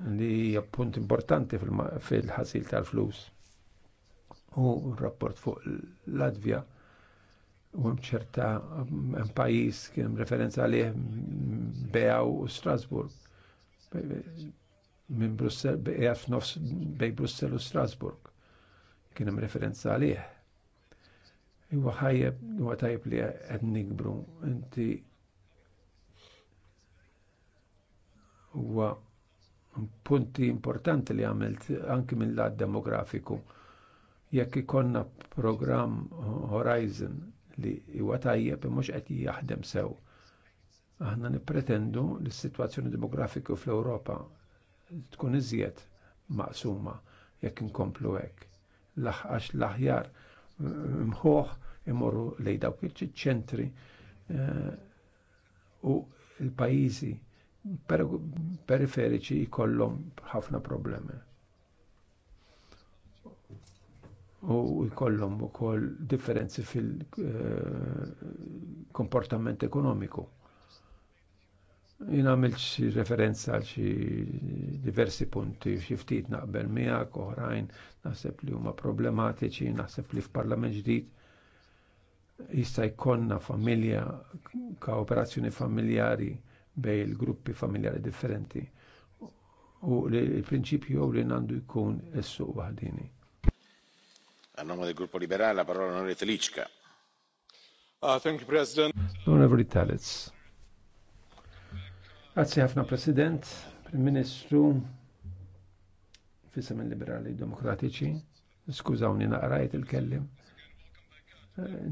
li hija punt importanti fil-ħasil tal-flus. U rapport fuq Latvja u ċerta pajis kien referenza għalih Beaw u Strasburg. Minn Brussel, Beaw f'nofs bej Brussel u Strasburg. Kien hemm referenza għalih. Iwa ħajjeb, huwa tajjeb li qed nikbru inti huwa punti importanti li għamilt anki minn lat demografiku. Jekk ikonna program Horizon li huwa tajjeb mhux qed jaħdem sew. Aħna nippretendu li s-sitwazzjoni demografiku fl-Ewropa tkun iżjed maqsuma jekk inkomplu hekk. Laħqax l-aħjar mħuħ imorru lejn dawk iċ-ċentri eh, u l-pajjiżi periferiċi jkollhom ħafna problemi. U jkollhom ukoll differenzi fil-komportament eh, ekonomiku. Jien għamilt xi referenza għal xi diversi punti, xi ftit naqbel miegħek, oħrajn naħseb li huma problematiċi, naħseb li f'Parlament ġdid jista' jkollna familja, kooperazzjoni familjari bej il-gruppi familjari differenti u l-prinċipju li nandu jkun essu waħdini. A nome del gruppo liberale la parola onorevole Telicca. Uh, ah, thank you, President. Onorevole Talez. Grazie ħafna President, Prim Ministru, fissam il-Liberali Demokratiċi, skużawni naqrajt il-kellim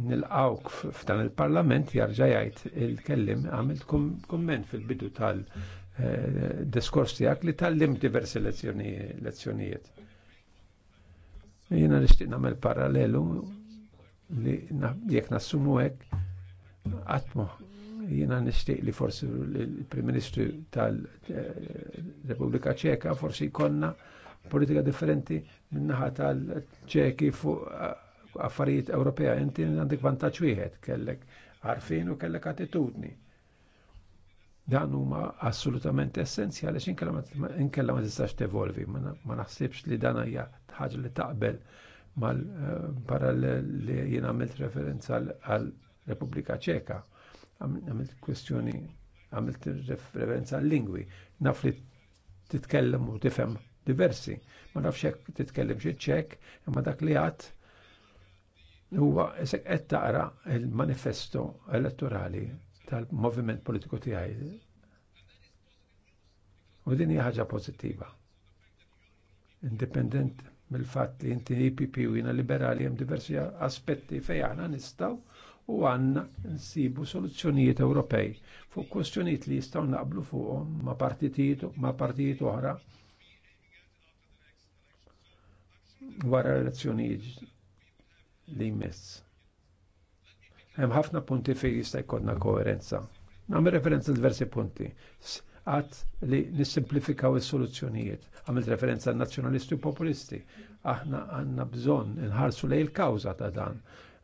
nilqawk f'dan il-parlament jarġa' jgħid il-kellim għamilt kumment fil-bidu tal-diskors eh, tiegħek li tallim diversi lezzjonijiet. Jiena nixtieq nagħmel parallelu li jekk nassumu hekk għatmu jiena nixtieq li forsi il-Prim Ministru tal-Repubblika Ċeka forsi jkollna politika differenti minnaħa tal-ċeki fuq affarijiet Ewropea inti għandek vantaġġ wieħed kellek għarfien u kellek attitudni. Dan huma assolutament essenzjali inkella ma tistax tevolvi, ma naħsibx li dan hija ħaġa li taqbel mal eh, parallel li jien għamilt referenza għal Repubblika Ċeka. Għamilt kwestjoni, għamilt referenza għal lingwi. Naf li titkellem u tifhem diversi. Ma nafx hekk titkellem xi ċek, imma dak li għat huwa qed taqra il-manifesto elettorali tal-moviment politiku tiegħi. U din hija ħaġa pożittiva. Indipendent mill-fatt li inti IPP e u jiena liberali hemm diversi aspetti fejn aħna nistgħu u għanna nsibu soluzzjonijiet Ewropej fuq kwestjonijiet li jistgħu naqblu fuqhom ma' partijiet ma' partijiet oħra wara l-elezzjonijiet li jmiss. Hemm ħafna punti fej jista' jkollna koerenza. Nagħmel referenza diversi punti. Għat li nissimplifikaw is-soluzzjonijiet. Għamilt referenza nazzjonalisti u populisti. Aħna għandna bżonn inħarsu lej il-kawża ta' dan.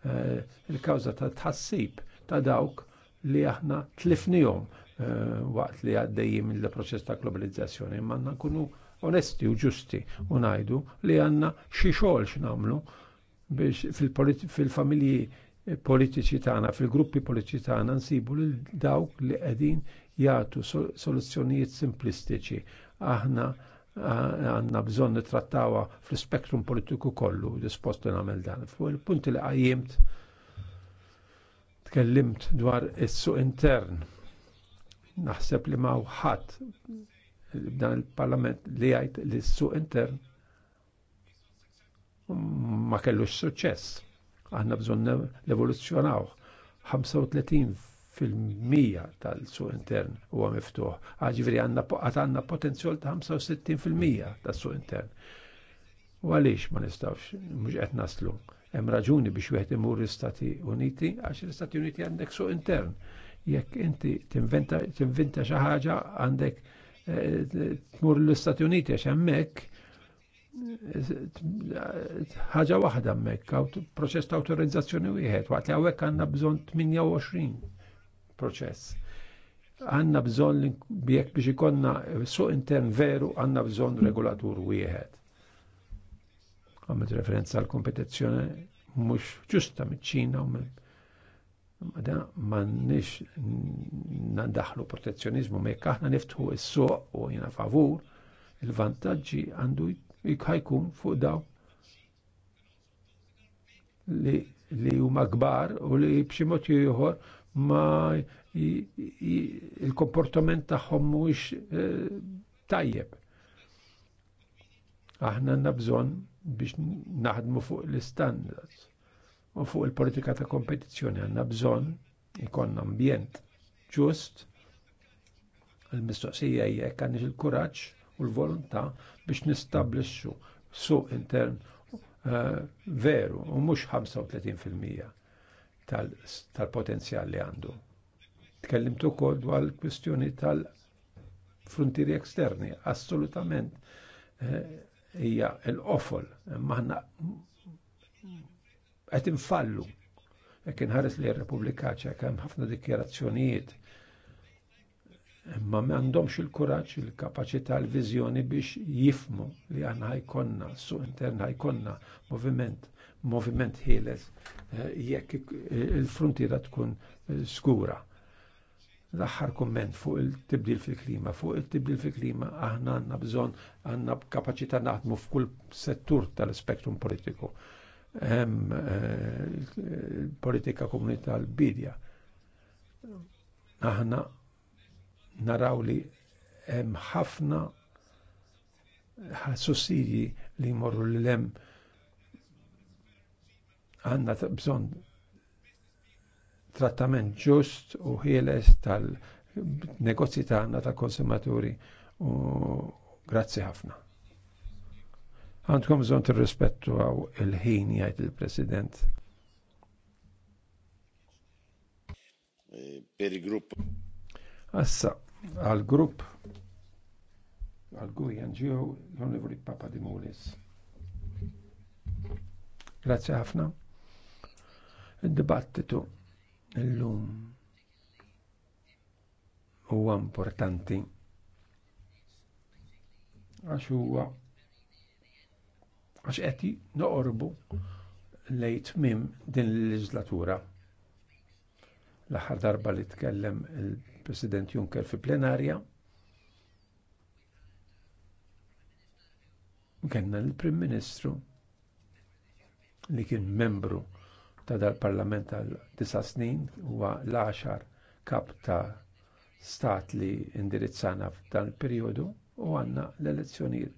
Eh, il-kawża ta' tħassib ta' dawk li aħna tlifnihom eh, waqt li għaddejjim il-proċess ta' globalizzazzjoni. Imma nkunu onesti u ġusti u ngħidu li għandna xi xogħol x'nagħmlu biex fil-familji politiċi tagħna, fil-gruppi politiċi tagħna nsibu lil dawk li qegħdin jagħtu soluzzjonijiet simplistiċi. Aħna għanna bżon nitrattawa fl-spektrum politiku kollu dispost li nagħmel dan. Fuq il-punti li qajjimt tkellimt dwar is-suq intern. Naħseb li ma' ħadd dan il-parlament li jgħid li s-suq intern ma kellux suċċess. Aħna bżonn l-evoluzzjonaw. 35% tal-suq intern huwa miftuħ. Ah, ġifieri għad għandna potenzjol ta' 65% tas-suq intern. U għaliex ma nistawx mhux qed naslu. Hemm raġuni biex wieħed imur l-Istati Uniti għax l-Istati Uniti għandek suq intern. Jekk inti tinventa xi ħaġa għandek eh, tmur l-Istati Uniti għax hemmhekk ħaġa waħda mekk, proċess ta' awtorizzazzjoni wieħed, waqt li għawek għanna bżon 28 proċess. Għanna bżon li jekk biex ikonna su intern veru għanna bżon regulatur wieħed. Għamet referenza għal kompetizzjoni mux ġusta mit ċina u Mada nix nandaħlu protezzjonizmu, mekk aħna niftħu s-suq u jina favur, il-vantaġġi għandu ħajkun fuq daw li li huma kbar u li b'ximot mod ma il-komportament tagħhom mhuwiex e, tajjeb. Aħna għandna bżonn biex naħdmu fuq l-istandards u fuq il-politika ta' kompetizzjoni għandna bżonn ikon ambjent ġust, il-mistoqsija hija jekk għandix il-kuraġġ u l-volontà biex nistablixxu suq intern eh, veru u mhux 35% tal-potenzjal li għandu. Tkellimt ukoll dwar l-kwistjoni tal-frontieri eksterni, assolutament eh, hija l-qofol, maħna qed infallu. Jekk inħares li r-Repubblika ċeka hemm ħafna dikjarazzjonijiet imma m'għandhomx il-kuraġġ, il-kapaċità, l-viżjoni biex jifmu li aħna ħajkonna, su intern ħajkonna moviment, moviment ħieles eh, jekk eh, il-frontiera tkun eh, skura. L-aħħar komment fuq il-tibdil fil-klima, fuq il-tibdil fil-klima aħna għandna bżonn għandna kapaċità naħdmu f'kull settur tal-spektrum politiku. Hemm politika komunità l-bidja. Aħna naraw li hemm ħafna sussidji li jmorru l hemm għandna bżonn trattament ġust u ħieles tal-negozji tagħna tal-konsumaturi u grazzi ħafna. Għandkom bżonn tirrispettu għaw il-ħin jgħid il-President. Eh, per il-grupp. Assa, għal-grupp għal-Gujan ġew l-Onorevoli Papa di Dimulis. Grazie ħafna. Il-dibattitu l-lum huwa importanti għax huwa għax qed noqorbu lejt mim din l-leġislatura l-aħħar darba li tkellem il-President Juncker fi plenarja. Kenna l-Prim Ministru li kien membru ta' dal-Parlament għal disa snin huwa l-10 kap ta' stat li indirizzana f'dan il-perjodu u għanna l-elezzjonijiet,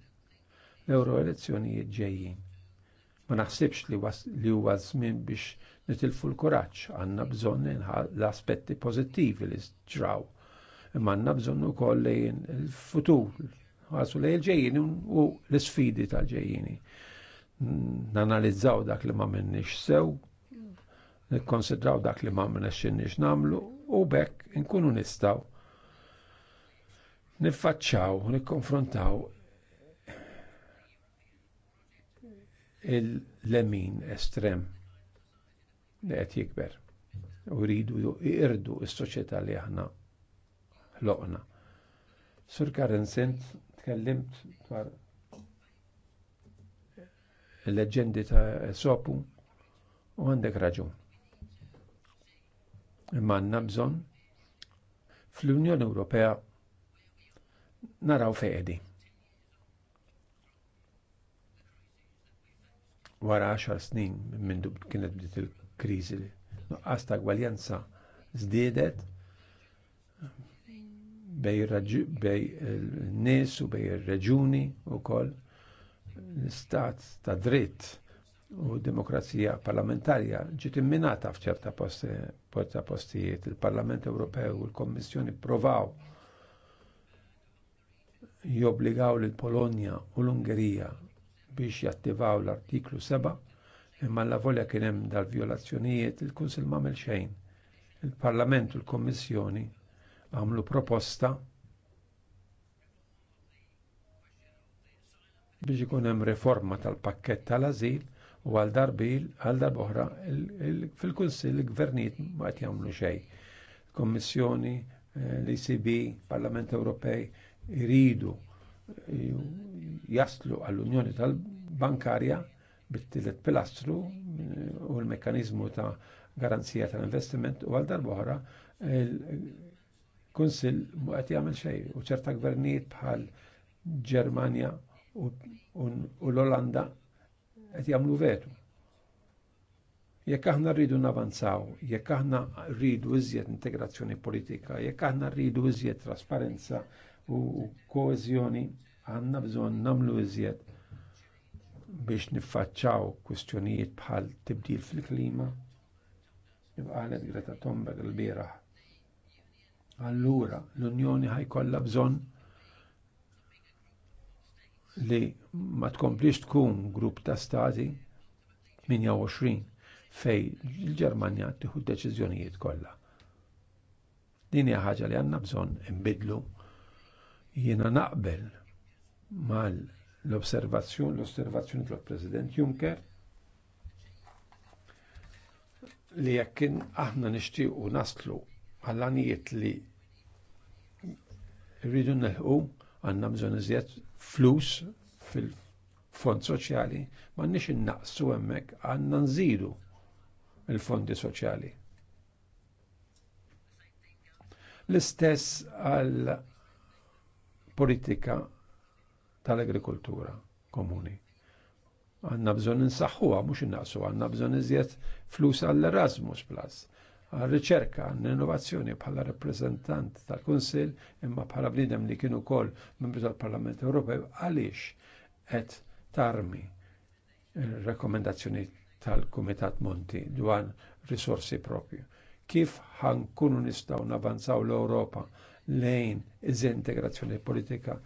l-euro elezzjonijiet ġejjin. Ma naħsibx li huwa żmien biex nitilfu l-kuraġġ, għandna bżonn l-aspetti pożittivi li ġraw. Imma għandna bżonn ukoll lejn il-futur, ħasu lejn l ġejjin u l-isfidi tal-ġejjini. Nanalizzaw dak li ma minnix sew, nikkonsidraw dak li ma minnix namlu u bekk inkunu nistaw niffaċċaw, nikkonfrontaw il-lemin estrem li qed jikber u rridu jirdu s-soċjetà li aħna ħloqna. Sur Karen Sint tkellimt dwar il-leġendi ta' Sopu u għandek raġun. Imma għandna bżonn fl-Unjoni Ewropea naraw feqedi. Wara 10 snin minn kienet bdiet kriżi. Nuqqas ta' gwaljanza żdiedet bej eh, n-nies u bej ir-reġuni wkoll l-istat ta' dritt u demokrazija parlamentarja ġiet imminata f'ċerta postijiet. Il-Parlament Ewropew u l-Kommissjoni provaw jobbligaw l Polonja u l-Ungerija biex jattivaw l-artiklu 7 Imma l-avolja kien hemm dal-vjolazzjonijiet il-Kunsil m'għamel xejn. Il-Parlament u l-Kommissjoni għamlu proposta biex ikun hemm riforma tal-pakkett tal-azil u għal darbil għal darbohra fil-Kunsill il-gvernijiet ma qed jagħmlu xejn. Kommissjoni, eh, l-ECB, Parlament Ewropej iridu eh, jaslu għall-Unjoni tal-Bankarja bit-tielet pilastru eh, u l mekkaniżmu ta' garanzija tal-investiment u għal darba oħra il-Kunsill qed jgħamil xej u ċerta gvernijiet bħal Ġermanja u l-Olanda qed jagħmlu vetu. Jekk aħna rridu navanzaw, jekk aħna rridu iżjed integrazzjoni politika, jekk aħna rridu iżjed trasparenza u koezjoni għanna bżonn nagħmlu iżjed biex niffaċċaw kwistjonijiet bħal tibdil fil-klima. Ibqalet Greta Thunberg l bieraħ Allura l-Unjoni ħajkollha bżonn li ma tkomplix tkun grupp ta' stati 28 fej il-Ġermanja tieħu deċiżjonijiet kollha. Din hija ħaġa li għandna bżonn inbidlu jiena naqbel mal l osservazzjoni l-osservazzjoni tal-President Juncker li jekk aħna nixtiequ naslu għall-għanijiet li rridu neħu għandna bżonn iżjed flus fil-fond soċjali, m'għandniex innaqsu hemmhekk għandna nżidu il-fondi soċjali. L-istess għal politika tal-agrikoltura komuni. Għanna bżon nsaħħuha mhux innaqsu, għanna bżon iżjed flus għall-Erasmus Plus, għall-riċerka, għall-innovazzjoni bħala rappreżentant tal kunsil imma bħala bniedem li kienu kol membru tal-Parlament Ewropew għaliex qed tarmi rekomendazzjoni tal-Kumitat Monti dwar risorsi propju. Kif ħankunu nistgħu navanzaw l ewropa lejn iż-integrazzjoni politika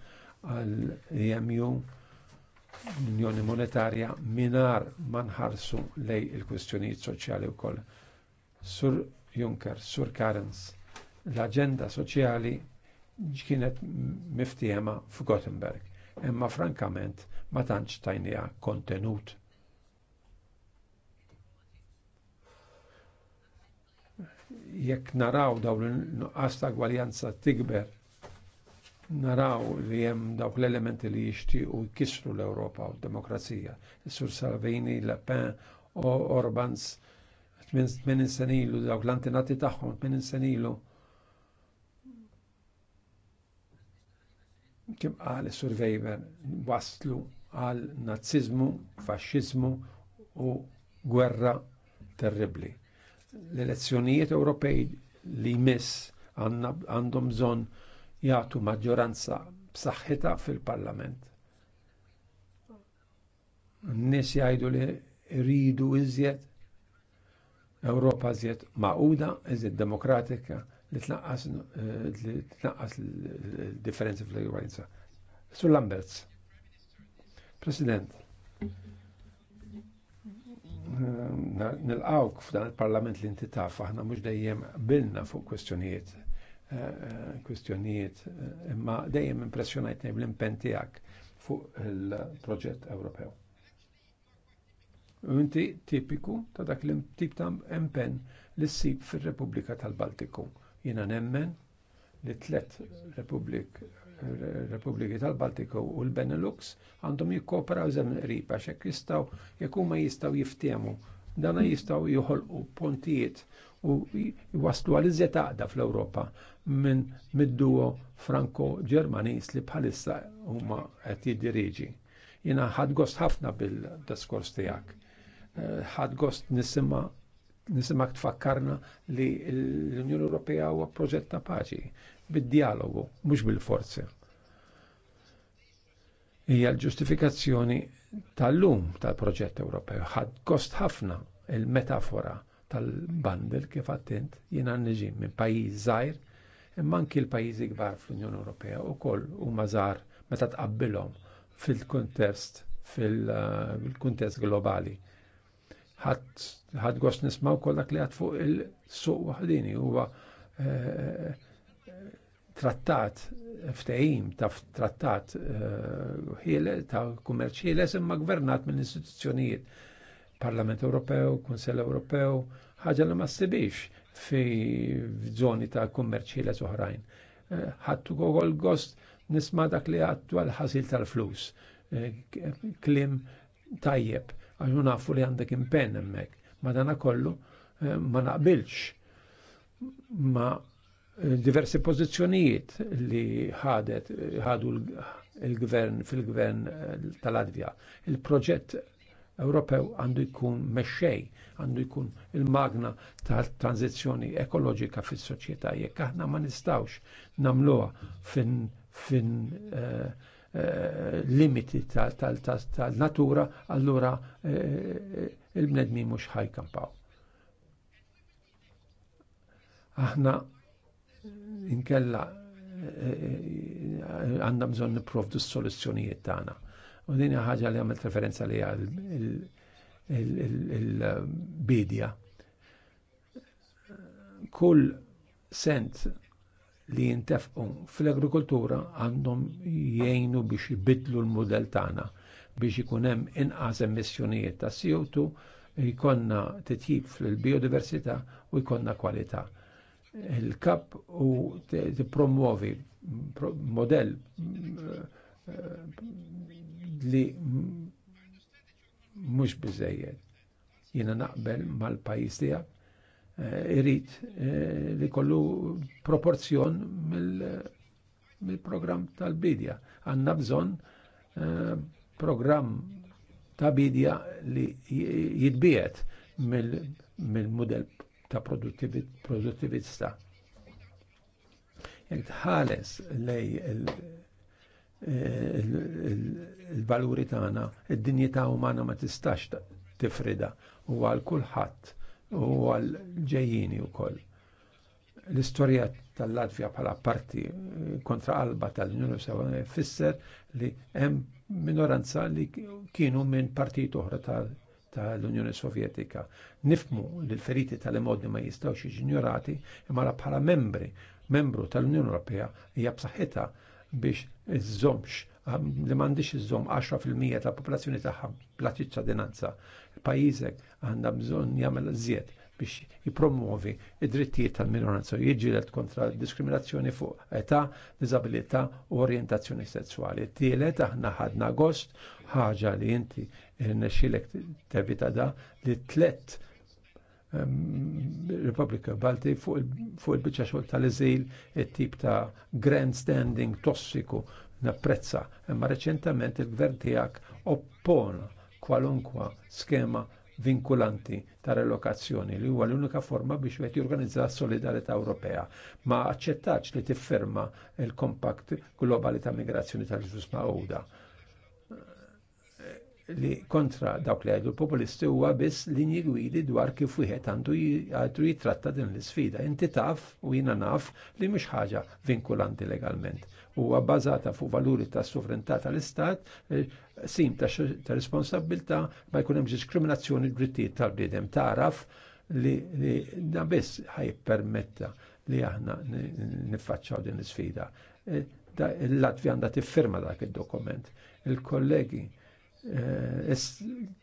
għal-EMU l-Unjoni Monetarja minar manħarsu lej il-kwistjonijiet soċjali wkoll. Sur Juncker, Sur Karens, l-agenda soċjali kienet miftiema f'Gothenburg, imma frankament ma tantx tajnija kontenut. Jekk naraw dawn l-nuqqas ta' gwaljanza tikber naraw li hemm dawk l-elementi li jixtiequ jkissru l-Ewropa u d-demokrazija. Sur Salvini, Le Pen, Orbans, 8 senilu, dawk l-antinati tagħhom 8 senilu. Kim qal Sur Weber waslu għal nazzizmu, faxxiżmu u gwerra terribli. L-elezzjonijiet Ewropej li jmiss għandhom bżonn jagħtu maġġoranza b'saħħitha fil-Parlament. N-nies jgħidu li rridu iżjed Ewropa iżjed maquda, iżjed demokratika li tnaqqas eh, li tnaqqas differenzi fl-igwarinza. Sur Lamberts. President, eh, nilqawk f'dan il-parlament li inti taf, aħna mhux dejjem bilna fuq kwestjonijiet kwistjonijiet, imma dejjem impressjonajtni bl-impen tiegħek fuq il-proġett Ewropew. Inti tipiku ta' dak l-tip ta' impen li ssib fir-Repubblika tal-Baltiku. Jiena nemmen li tlet Republik Repubbliki tal-Baltiku u l-Benelux għandhom jikkooperaw żem riba xek jistgħu jekk huma jistgħu jiftiemu dana jistgħu joħolqu pontijiet u waslu għal iżjed għaqda fl-Ewropa minn mid-duo Franco-Ġermanis li bħalissa huma qed jiddiriġi. Jiena ħad gost ħafna bil-diskors tiegħek. Ħad gost nisimma nisimak tfakkarna li l-Unjoni Ewropea huwa proġett ta' paċi bid-dialogu, mhux bil-forzi. Hija l-ġustifikazzjoni tal-lum tal-proġett Ewropew. Ħad kost ħafna il-metafora tal-bandel kif attent jiena niġi minn pajjiż zaħir imma anki l-pajjiżi kbar fl-Unjoni Ewropea wkoll huma żgħar meta tqabbilhom fil-kuntest fil-kuntest globali. Ħadd gost nisma' wkoll dak li għad fuq il-suq waħdini huwa eh, eh, trattat ftehim ta' trattat eh, ta' kummerċ ħieles imma gvernat minn istituzzjonijiet Parlament Ewropew, Kunsell Ewropew, ħaġa li ma ssibix fi żoni ta' kummerċiela oħrajn. Eh, ħattu kol gost nisma' dak li għattu għal ħasil tal-flus. Eh, klim tajjeb, għax nafu li għandek impenn hemmhekk. dana kollu eh, ma naqbilx ma diversi pożizzjonijiet li ħadet ħadu l-gvern fil-gvern tal-Latvja. Il-proġett Ewropew għandu jkun mexxej, għandu jkun il-magna tal-tranzizzjoni ekoloġika fis-soċjetà jekk aħna ma nistawx nagħmluha fin fin eh, eh, limiti tal-natura, allura eh, il-bnedmi mhux ħajkampaw. Aħna inkella għandna bżonn nipprovdu s-soluzzjonijiet tagħna U din ħaġa li għamilt referenza li għal il-bidja. Kull sent li jintefqu fl-agrikoltura għandhom jgħinu biex jibidlu l-modell tagħna biex ikun hemm inqas emissjonijiet ta' CO2, jkollna titjib fil-biodiversità u jkollna kwalità. Il-kap u tippromuovi modell li mhux biżejjed. Jiena naqbel mal-pajjiż tiegħek eh, irrit eh, li kollu proporzjon mill-program tal-bidja. Għanna bżon eh, program ta' bidja li jitbiet mill-model ta' produttivista. Jek tħares lej il-valuri tagħna, id-dinjità umana ma tistax tifrida u għal kulħadd u għal ġejjini wkoll. L-istorja tal-Latvja bħala parti kontra qalba tal-Unjoni Ewropea fisser li hemm minoranza li kienu minn partit oħra tal-Unjoni Sovjetika. Nifmu li l-feriti tal-imodni ma jistgħux jiġinjorati imma bħala membri, membru tal-Unjoni Ewropea hija b'saħħitha biex iżżomx li m'għandix iżżomm 10% tal-popolazzjoni tagħha bla ċittadinanza. Pajjiżek għandha bżonn jagħmel iżjed biex jipromuovi id-drittijiet tal-minoranza u jiġilet kontra diskriminazzjoni fuq età, diżabilità u orjentazzjoni sessuali. Tielet aħna ħadna gost ħaġa li inti nexxilek tevita da li tlett Republika Balti fuq il-bicċa xogħol tal-eżil it-tip ta' grandstanding tossiku napprezza, imma reċentament il-gvern tiegħek oppona kwalunkwa skema vinkulanti ta' relokazzjoni li huwa l-unika forma biex wieħed jorganizza s-Solidarità Ewropea. Ma aċċettax li tifferma il-Kompakt Globali ta' Migrazzjoni tal-Ġusma Owda li kontra dawk li għajdu l-populisti huwa biss linji gwidi dwar kif wieħed għandu jitratta din l-isfida. Inti taf u jiena naf li mhux ħaġa vinkulanti legalment. Huwa bbażata fuq valuri ta' sovranità tal-Istat, eh, sim ta' responsabilità ma jkun hemm diskriminazzjoni drittijiet tal-bniedem taraf li na biss ħajpermetta li aħna niffaċċaw din l-isfida. il eh, latvja għandha tiffirma dak id-dokument. Il-kollegi il kollegi Eh,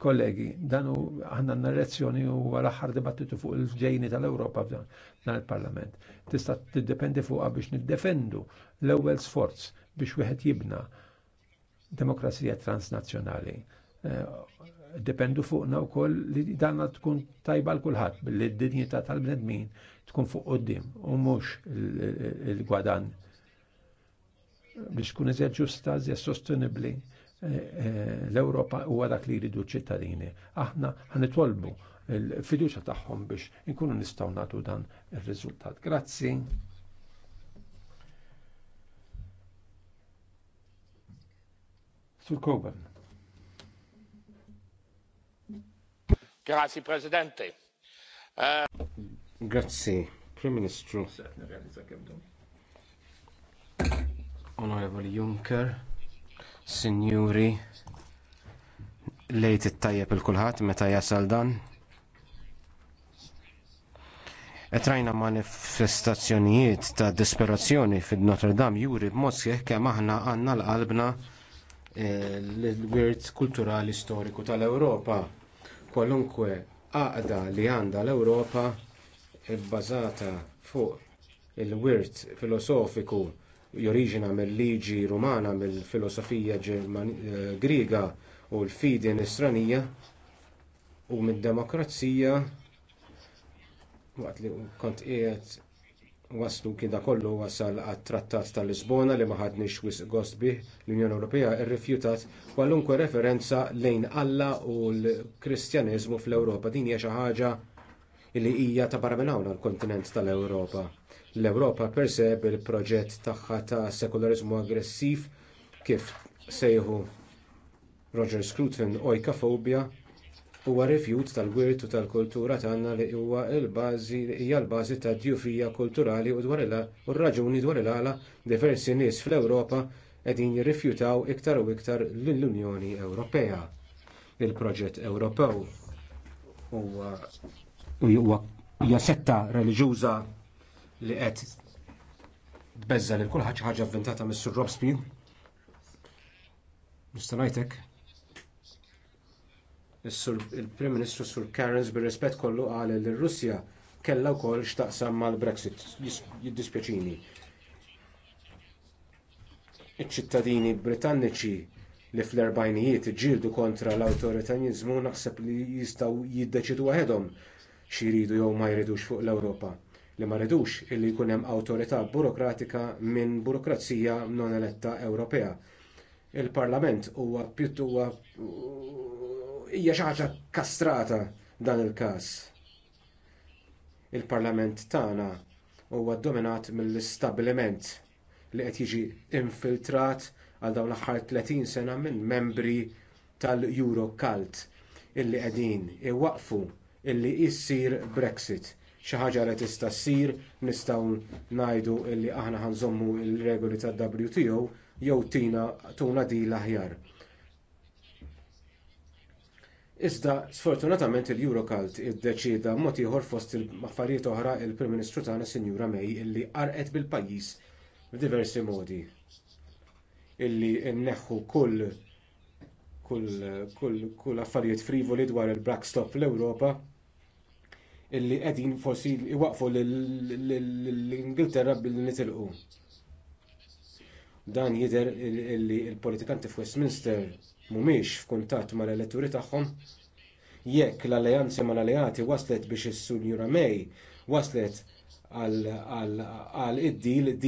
kollegi, danu għanna narrazzjoni u għal-axar dibattitu fuq il-ġejni tal-Europa f'dan il-Parlament. Tista' tiddependi fuqha biex niddefendu l-ewwel sforz biex wieħed jibna demokrazija transnazzjonali. Eh, dependu fuqna wkoll li danna tkun tajba l-kulħadd billi d-dinjità tal-bnedmin tkun fuq qoddim u mhux il-gwadan biex tkun eżer ġusta, eżer sostenibli Eh, eh, l-Ewropa huwa dak li jridu ċittadini. Aħna ħanitolbu l-fiduċa tagħhom biex inkunu nistgħu nagħtu dan ir-riżultat. Grazzi. Sur Coburn. Grazie Presidente. Uh... Grazie, Prim Ministru. Onorevoli Juncker Sinjuri, lejt it-tajjeb il-kulħadd meta jasal dan. Qed rajna manifestazzjonijiet ta' disperazzjoni fid Notre Dame juri b'mod kemm aħna għandna l-qalbna eh, l-wirt kulturali storiku tal-Ewropa. Kwalunkwe għaqda li għandha l-Ewropa bbażata fuq il-wirt filosofiku joriġina mill-liġi rumana, mill-filosofija eh, griega u l-fidi nisranija u mid-demokrazija waqt li kont qiegħed waslu kien dak kollu wasal għat-trattat tal-Lisbona li ma ħadniex wisq gost bih l-Unjoni Ewropea rrifjutat kwalunkwe referenza lejn Alla u l-Kristjaniżmu fl-Ewropa. Din hija xi ħaġa li hija ta' barra minn hawn għall-kontinent tal-Ewropa. L-Ewropa per il bil-proġett tagħha ta' sekularizmu aggressiv kif sejħu Roger Scruton ojkafobja huwa rifjut tal-wirtu tal-kultura tagħna li huwa l-bażi hija l-bażi tad-djufija kulturali u dwar u raġuni dwar il-għala diversi nies fl-Ewropa qegħdin jirrifjutaw iktar u iktar lill-Unjoni Ewropea. Il-proġett Ewropew huwa setta reliġjuża li qed tbeżza lil kulħadd xi ħaġa vvintata mis-Sur Robspeed. Nista' ngħidlek. Il-Prim Ministru Sur Karens bir-rispett kollu qal li r-Russja kellha wkoll x'taqsam mal-Brexit jiddispjaċini. Iċ-ċittadini Britanniċi li fl-erbajnijiet ġildu kontra l-awtoritanizmu naħseb li jistgħu jiddeċidu waħedhom xi jridu jew ma jridux fuq l-Ewropa li ma rridux illi jkun hemm awtorità burokratika minn burokrazija non eletta Ewropea. Il-Parlament huwa huwa hija xi ħaġa kastrata dan il-każ. Il-Parlament tagħna huwa ddominat mill-istabbiliment li qed jiġi infiltrat għal dawn l-aħħar 30 sena minn membri tal-Eurocult illi qegħdin iwaqfu illi jsir Brexit xi ħaġa li tista' ssir nistgħu ngħidu li aħna ħanżommu l-regoli tad-WTO jew tina tuna l aħjar. Iżda sfortunatament il-Eurocult iddeċieda mod ieħor fost il-affarijiet oħra il prim Ministru tagħna Sinjura May illi qarqet bil-pajjiż b'diversi modi illi nneħħu kull kull kull kull affarijiet frivoli dwar il-backstop l-Ewropa illi qegħdin forsi iwaqfu l-Ingilterra bil nitilqu. Dan jidher illi l-politikanti f'Westminster mhumiex f'kuntatt mal eletturi tagħhom jekk l-alleanzi mal-alleati waslet biex is-Sunjura May waslet għal id-dil